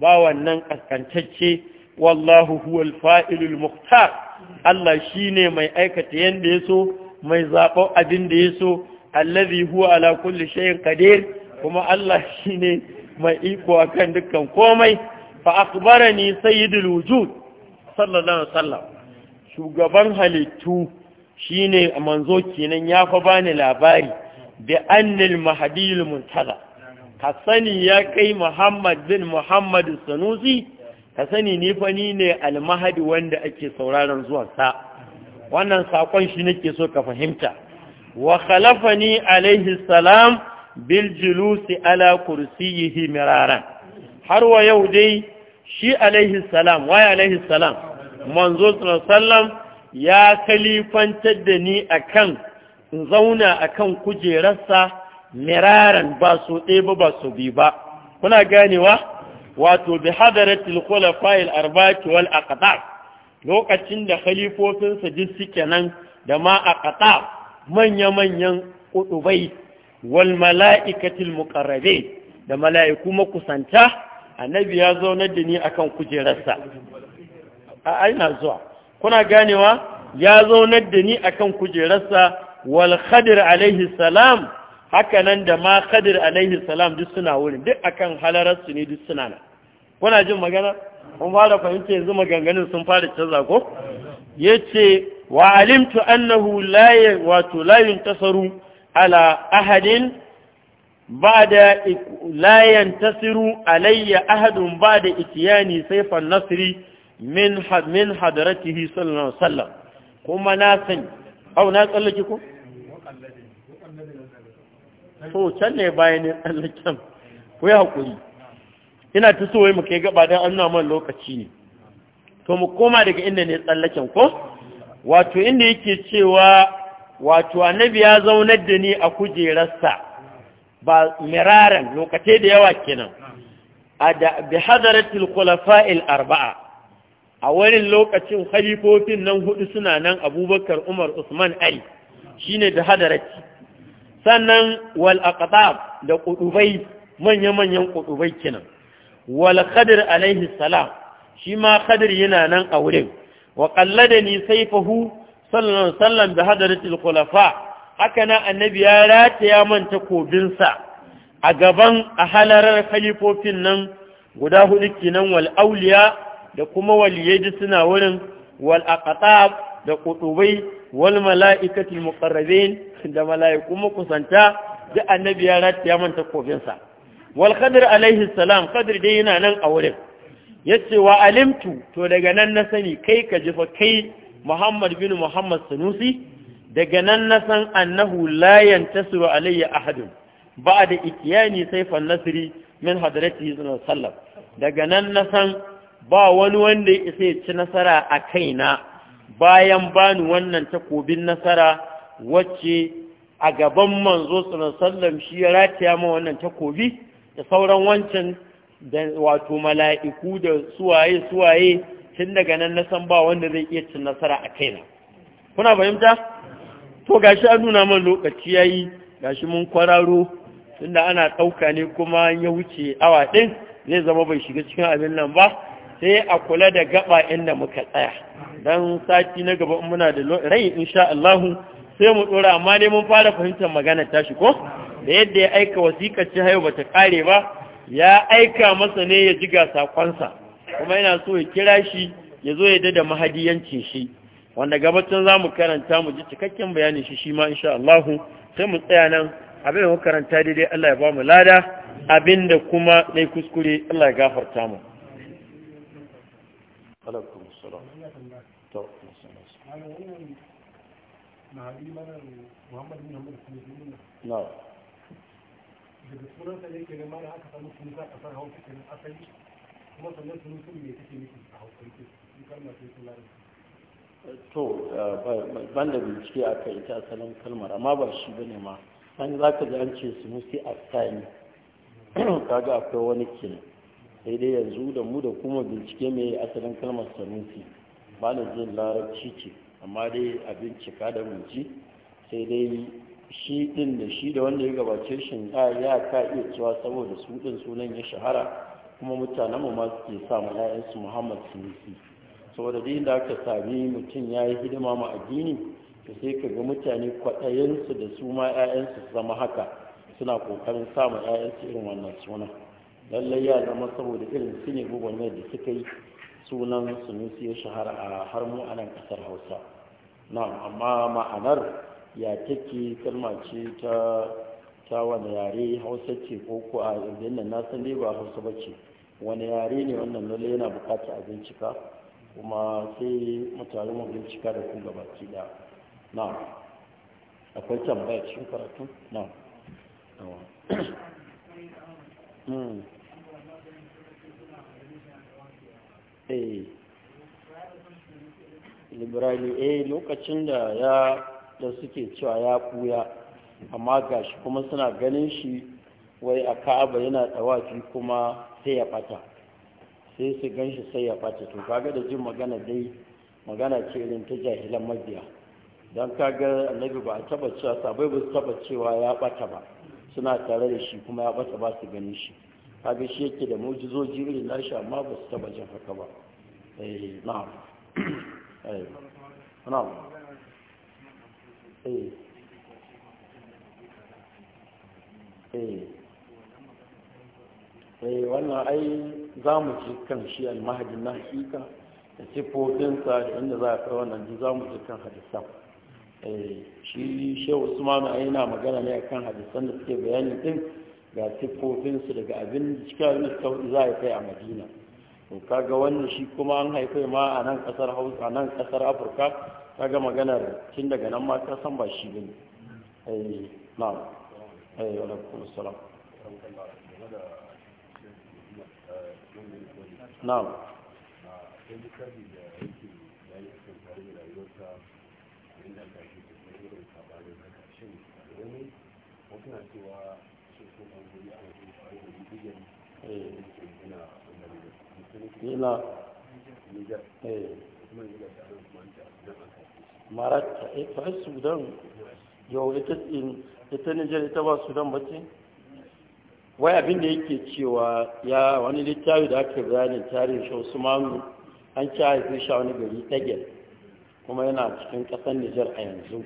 ba wannan ƙasƙantacce wallahu huwal fa'ilul muhtar Allah shine mai aikata yanda so, mai zaɓar abin da so allazi huwa ala kulli shay'in Kadir. kuma Allah ne mai iko akan dukkan komai fa akhbarani sayyidul wujud sallallahu alaihi shugaban halittu shine manzo kenan ya fa bani labari bi annil mahdiyul muntaza ka sani ya kai Muhammad bin Muhammad Sanusi ka sani ni fa ni ne almahadi wanda ake sauraron zuwan sa wannan sakon shi nake so ka fahimta wa khalafani alaihi salam bil julusi ala kursiyihi miraran har wa yau dai shi alaihi salam waya alaihi salam manzo sallam ya kalifantar da ni akan in zauna akan kujerarsa miraran ba su ɗaya ba ba su bi ba kuna ganewa wato bi hadaratil khulafa'il arba'ati wal aqtar lokacin da khalifofin sa duk suke nan da ma aqtar manya manyan kutubai wal mala'ikatil mukarrabe da mala'iku makusanta annabi ya zaunar da ni akan kujerarsa a aina zuwa kuna ganewa ya zaunar da ni akan kujerarsa wal khadir alaihi salam haka nan da ma kadir alaihi salam duk suna wurin duk akan halararsu ne duk suna nan kuna jin magana kun fara fahimta yanzu maganganun sun fara canza ko yace wa alimtu annahu la wato la yuntasaru ala ahadin ba'da la yantasiru alayya ahadun ba'da itiyani sayfan nasri min min hadratihi sallallahu alaihi wasallam kuma na sani au na tsallake ko so can ne bayan ne tsallaken ku yi haƙuri ina ta so mu yi gaba don annuwa man lokaci ne to mu koma daga inda ne tsallaken ko wato inda yake cewa wato annabi ya zaunar da ni a kujerarsa ba miraran lokacin da yawa kenan a da bi hadaratul khulafa'il arba'a a wani lokacin khalifofin nan hudu suna nan abubakar umar usman ali shine da hadarati sannan wal aqtab da kudubai manya-manyan kudubai kenan wal khadir alaihi salam shi ma khadir yana nan a wurin wa qalladani sayfahu sallallahu alaihi wasallam bi hadratil khulafa haka nan annabi ya rata manta kobin sa, a gaban a halarar khalifofin nan guda hudu kenan wal auliya da kuma waliyai suna wurin wal aqtab da kudubai wal mala'ikatul muqarrabin da mala'iku makusanta da annabi ya rataya man takobinsa wal qadr alaihi salam qadr dai yana nan a wurin yace wa alimtu to daga nan na sani kai ka jifa kai Muhammad bin Muhammad Sanusi daga nan na san annahu la yantasiru alayya ahadun ba'da ikiyani sayfan nasri min hadratihi sallallahu daga nan na san ba wani wanda ya isa ya ci nasara a kaina bayan bani wannan takobin nasara wacce a gaban manzo sallam shi ya rataya ma wannan takobi da sauran wancan da wato mala'iku da suwaye suwaye tun daga nan na san ba wanda zai iya cin nasara a kaina kuna fahimta to gashi an nuna man lokaci yayi gashi mun kwararo tunda ana ɗauka ne kuma ya wuce awa ɗin zai zama bai shiga cikin abin nan ba sai a kula da gaba inda muka tsaya don sati na gaba muna da rai insha Allahu sai mu dora amma dai mun fara fahimtar magana tashi ko da yadda ya aika wasiƙa ce hayo bata kare ba ya aika masa ne ya jiga sakonsa kuma yana so ya kira shi ya zo ya dada mahadiyancin shi wanda gabacin za mu karanta mu ji cikakken bayanin shi shi ma insha Allah sai mu tsaya nan abin da karanta daidai Allah ya ba mu lada abin da kuma na kuskure Allah ya gafarta mu alaikum daga sunansa ne kenan mana aka a kuma to ban da bincike aka ita asalin kalmar amma ba shi ba ne ma an za ka ji an ce su musi a sani kaga akwai wani kenan sai dai yanzu da mu da kuma bincike mai asalin kalmar sanusi ba na jin larabci ce amma dai a bincika da munci sai dai shi din da shi da wanda ya gabace shi ya ka iya cewa saboda su din sunan ya shahara kuma mutanen mu ma suke sa ma su Muhammad Sunusi saboda dai da aka sami mutum ya yi hidima ma addini to sai ka ga mutane su da su ma su zama haka suna kokarin sa ma su irin wannan sunan lallai ya zama saboda irin su ne gwagwarmayar da suka yi sunan sunusi ya shahara a har mu a nan kasar hausa na'am amma ma'anar ya take kalma ce ta ta wani yare hausa ce ko ko a yanzu na san dai ba hausa ba ce wani yare ne wannan lalle yana bukata a bincika kuma sai mutane mu bincika da ku ki da na'am akwai tambaya cikin karatu na'am Mm. eh liberali eh lokacin da ya da suke cewa ya ɓuya, amma gashi kuma suna ganin shi wai a ka'aba yana tsawafi kuma sai ya bata sai su gan shi sai ya bata to kaga da jin magana dai magana ce irin ta jahilan mabiya don kaga annabi ba a taba cewa sabai ba su taba cewa ya ɓata ba suna tare da shi kuma ya bata ba su ganin shi kaga shi yake da mujizoji irin nashi amma ba su taba jin haka ba eh na'am eh na'am eh eh eh wannan ai za mu ji kan shi almahadin na hakika da sifofinsa da inda za a kai wannan ji za mu ji kan hadisan eh, shi shehu usman ai yana magana ne akan hadisan da suke bayani din ga siffofinsu daga abin cikin abin da za a kai a madina to kaga wannan shi kuma an haife ma a nan kasar hausa a nan kasar afirka kaga maganar tun daga nan ma ta san ba shi bane eh na eh wa alaikum assalam na ila fa eh, sudan ita ita Nijar ita ba sudan wai abin da yake cewa ya wani littafi da aka bayanin tarihin shi Usmanu an ci haifi shi wani gari Tagel kuma yana cikin ƙasar Nijar a yanzu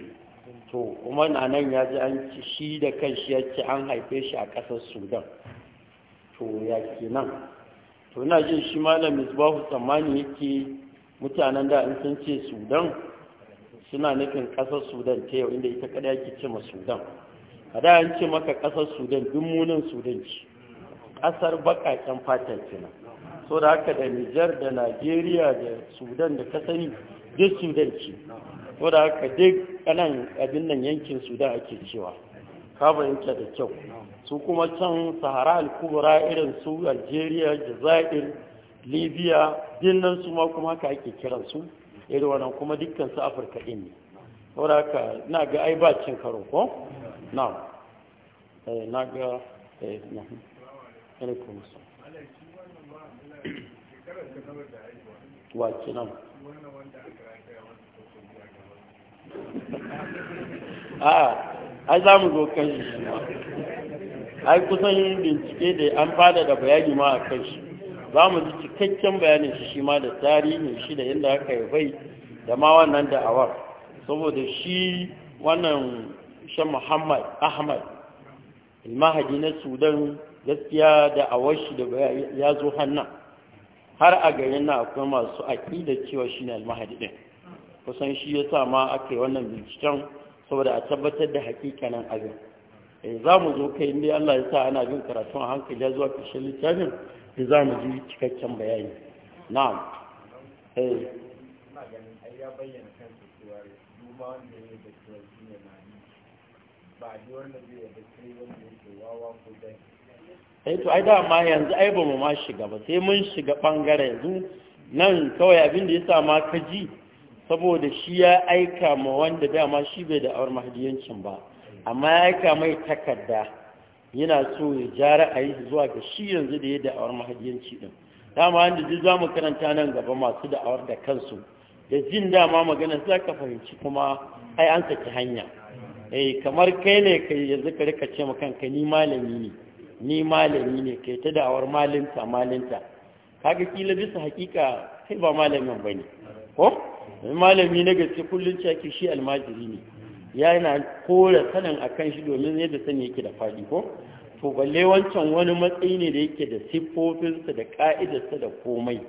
to kuma na nan ya ji an ci shi da kan shi ya ci an haife shi a ƙasar Sudan to ya kenan to ina jin shi malam misbahu tsammani yake mutanen da in sun ce sudan suna nufin ƙasar sudan ta yau inda ita kada yake ce ma sudan a da an ce maka ƙasar sudan duk munin sudan ce ƙasar baƙaƙen fata kenan so da haka da nijar da najeriya da sudan da ka sani duk sudan ce so da haka duk anan abin nan yankin sudan ake cewa ka fahimta da kyau su kuma can sahara al-kubra irin su algeria jazair libya dinnan su ma kuma haka ake kiran su irin wannan kuma dukkan su afirka din ne saboda haka na ga ai ba cin karo ko na eh, na ga eh, na wa a ai za mu zo kan shi ai kusan bincike da an fada da bayani ma a kan shi za mu ji cikakken bayanin shi shi ma da tarihin shi da yadda aka yi bai da ma wannan da awar. saboda shi wannan shan muhammad ahmad ilmahadi na sudan gaskiya da awar shi da ya zo hannan har a garin na akwai masu aƙida cewa shi ne almahadi ɗin kusan shi ya sa ma aka yi wannan binciken saboda a tabbatar da nan abin eh, za mu zo kai inda Allah ya sa ana bin karatun hankali ya zuwa ƙarshen littafin da za mu ji cikakken bayani na'am eh ya bayyana kansa cewa duma wanda ya da cewa shi ne mani ba ji wanda zai da sai wanda yake wawa ko dai eh to ai da amma yanzu ai ba mu ma shiga ba sai mun shiga bangare yanzu nan kawai abin da ya sa ma ka ji saboda shi ya aika ma wanda dama shi bai da awar mahdiyancin ba amma ya aika mai takarda yana so ya ja ra'ayi zuwa ga shi yanzu da ya da awar mahadiyanci din dama wanda zai za mu karanta nan gaba masu da'awar da kansu da jin dama magana za ka fahimci kuma ai an saki hanya eh kamar kai ne kai yanzu ka rika ce kanka ni malami ne ni malami ne kai ta da'awar malinta malinta kaga kila bisa hakika kai ba malamin bane ko malami na gaske kullum cewa shi almajiri ne Ya yana kore sanin akan shi domin yadda sani yake da fadi ko to balle wancan wani matsayi ne da yake da siffofinsa da ka'idarsa da komai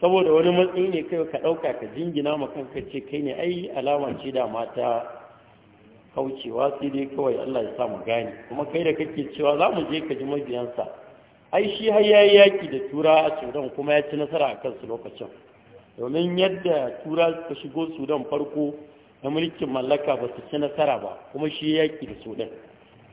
saboda wani matsayi ne kai ka ɗauka ka jingina ma kanka ce kai ne ai alama ce da mata kaucewa sai dai kawai Allah ya sa mu gane kuma kai da kake cewa za mu je ka ji mabiyansa ai shi har yayi yaki da tura a sudan kuma ya ci nasara a kansu lokacin domin yadda tura ta shigo sudan farko na mulkin mallaka ba su ci nasara ba kuma shi yaƙi da sudan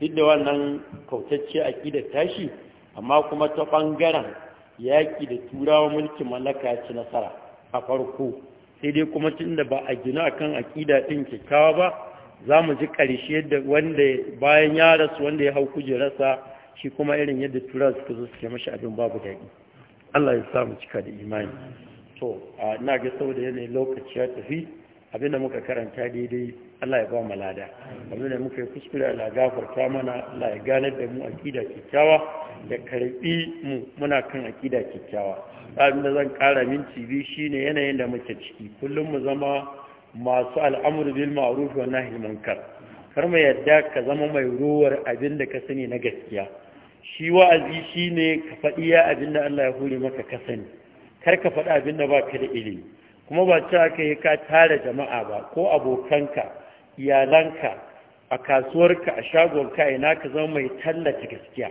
duk da wannan kautacce aƙidar tashi amma kuma ta ɓangaren yaƙi da turawa mulkin mallaka ci nasara a farko sai dai kuma tun da ba a gina a kan aƙida ɗin kyakkyawa ba za mu ji ƙarshe da wanda bayan ya rasu wanda ya hau kujerarsa shi kuma irin yadda turawa suka zo suke mashi abin babu daɗi Allah ya mu cika da imani to na ga da yanayin lokaci ya tafi abinda muka karanta daidai Allah ya ba mu lada abinda muka yi kuskure Allah ya gafarta mana Allah ya gane da mu akida kyakkyawa da karbi mu muna kan akida kikkiawa da zan kara minti biyu shine yanayin da muke ciki kullum mu zama masu al'amuru bil ma'ruf wa nahyi munkar kar mu yadda ka zama mai ruwar abinda ka sani na gaskiya shi wa'azi shine ka faɗi ya abinda Allah ya hore maka ka sani kar ka faɗa abin da ba ka da ilimi kuma ba cewa ka yi ka tara jama'a ba ko abokanka iyalanka a kasuwarka a shagon ka ina ka zama mai tallata gaskiya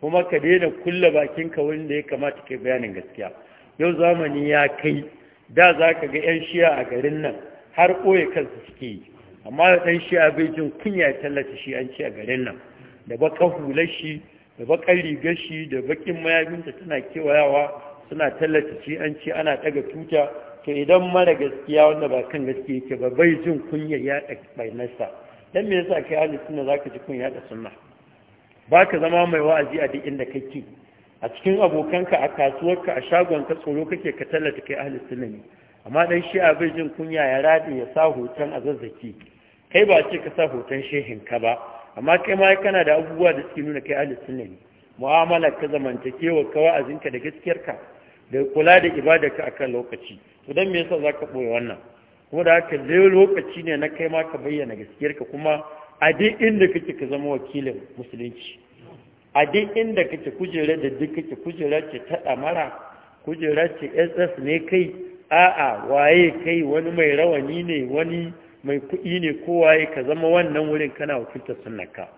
kuma ka daina kulle bakinka wanda da ya kamata ka bayanin gaskiya yau zamani ya kai da za ka ga 'yan shiya a garin nan har ɓoye kansu suke yi amma da ɗan shiya bai jin kunya ya tallata shi an ci a garin nan da bakan hular shi da bakan rigar shi da bakin mayabinta tana kewayawa suna tallata ci ana ɗaga tuta to idan mara gaskiya wanda ba kan gaskiya yake ba bai jin kunya ya nasa dan me yasa kai ahli sunna zaka ji kunya da sunna baka zama mai wa'azi a duk inda kake a cikin abokanka a kasuwarka a shagonka tsoro kake ka tallata kai ahli sunna ne amma dan shi a bai jin kunya ya rabe ya sa hoton a zazzaki kai ba ce ka sa hoton ka ba amma kai ma kana da abubuwa da suke nuna kai ahli sunna ne Mu'amala ka zamantakewa ka wa'azinka da gaskiyarka da kula da ibadarka akan lokaci to dan me yasa zaka boye wannan kuma da haka dai lokaci ne na kai ma ka bayyana gaskiyarka kuma a duk inda kake ka zama wakilin musulunci a duk inda kake kujera da duk kake kujera ce ta damara kujera ce ss ne kai a'a waye kai wani mai rawani ne wani mai kuɗi ne ko waye ka zama wannan wurin kana wakiltar sunnaka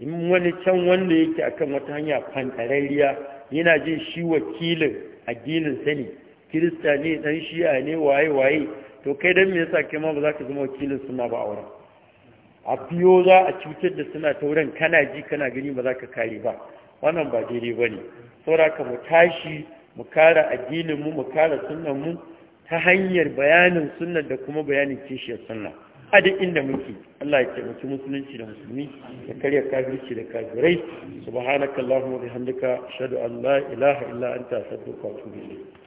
in wani can wanda yake akan wata hanya fankarariya yana jin shi wakilin addinin sa ne kirista ne dan shi'a ne waye waye to kai dan me yasa kai ma ba za ka zama wakilin suna ba auren a fiyo za a cutar da suna ta wurin kana ji kana gani ba za ka kare ba wannan ba daidai ba ne ka mu tashi mu kare addinin mu kara mu ta hanyar bayanin sunan da kuma bayanin kishiyar sunan a duk inda muke Allah ya taimaki musulunci da musulmi da karya kafirci da kafirai subhanakallahumma bihamdika ashhadu an la ilaha illa anta astaghfiruka wa atubu ilayk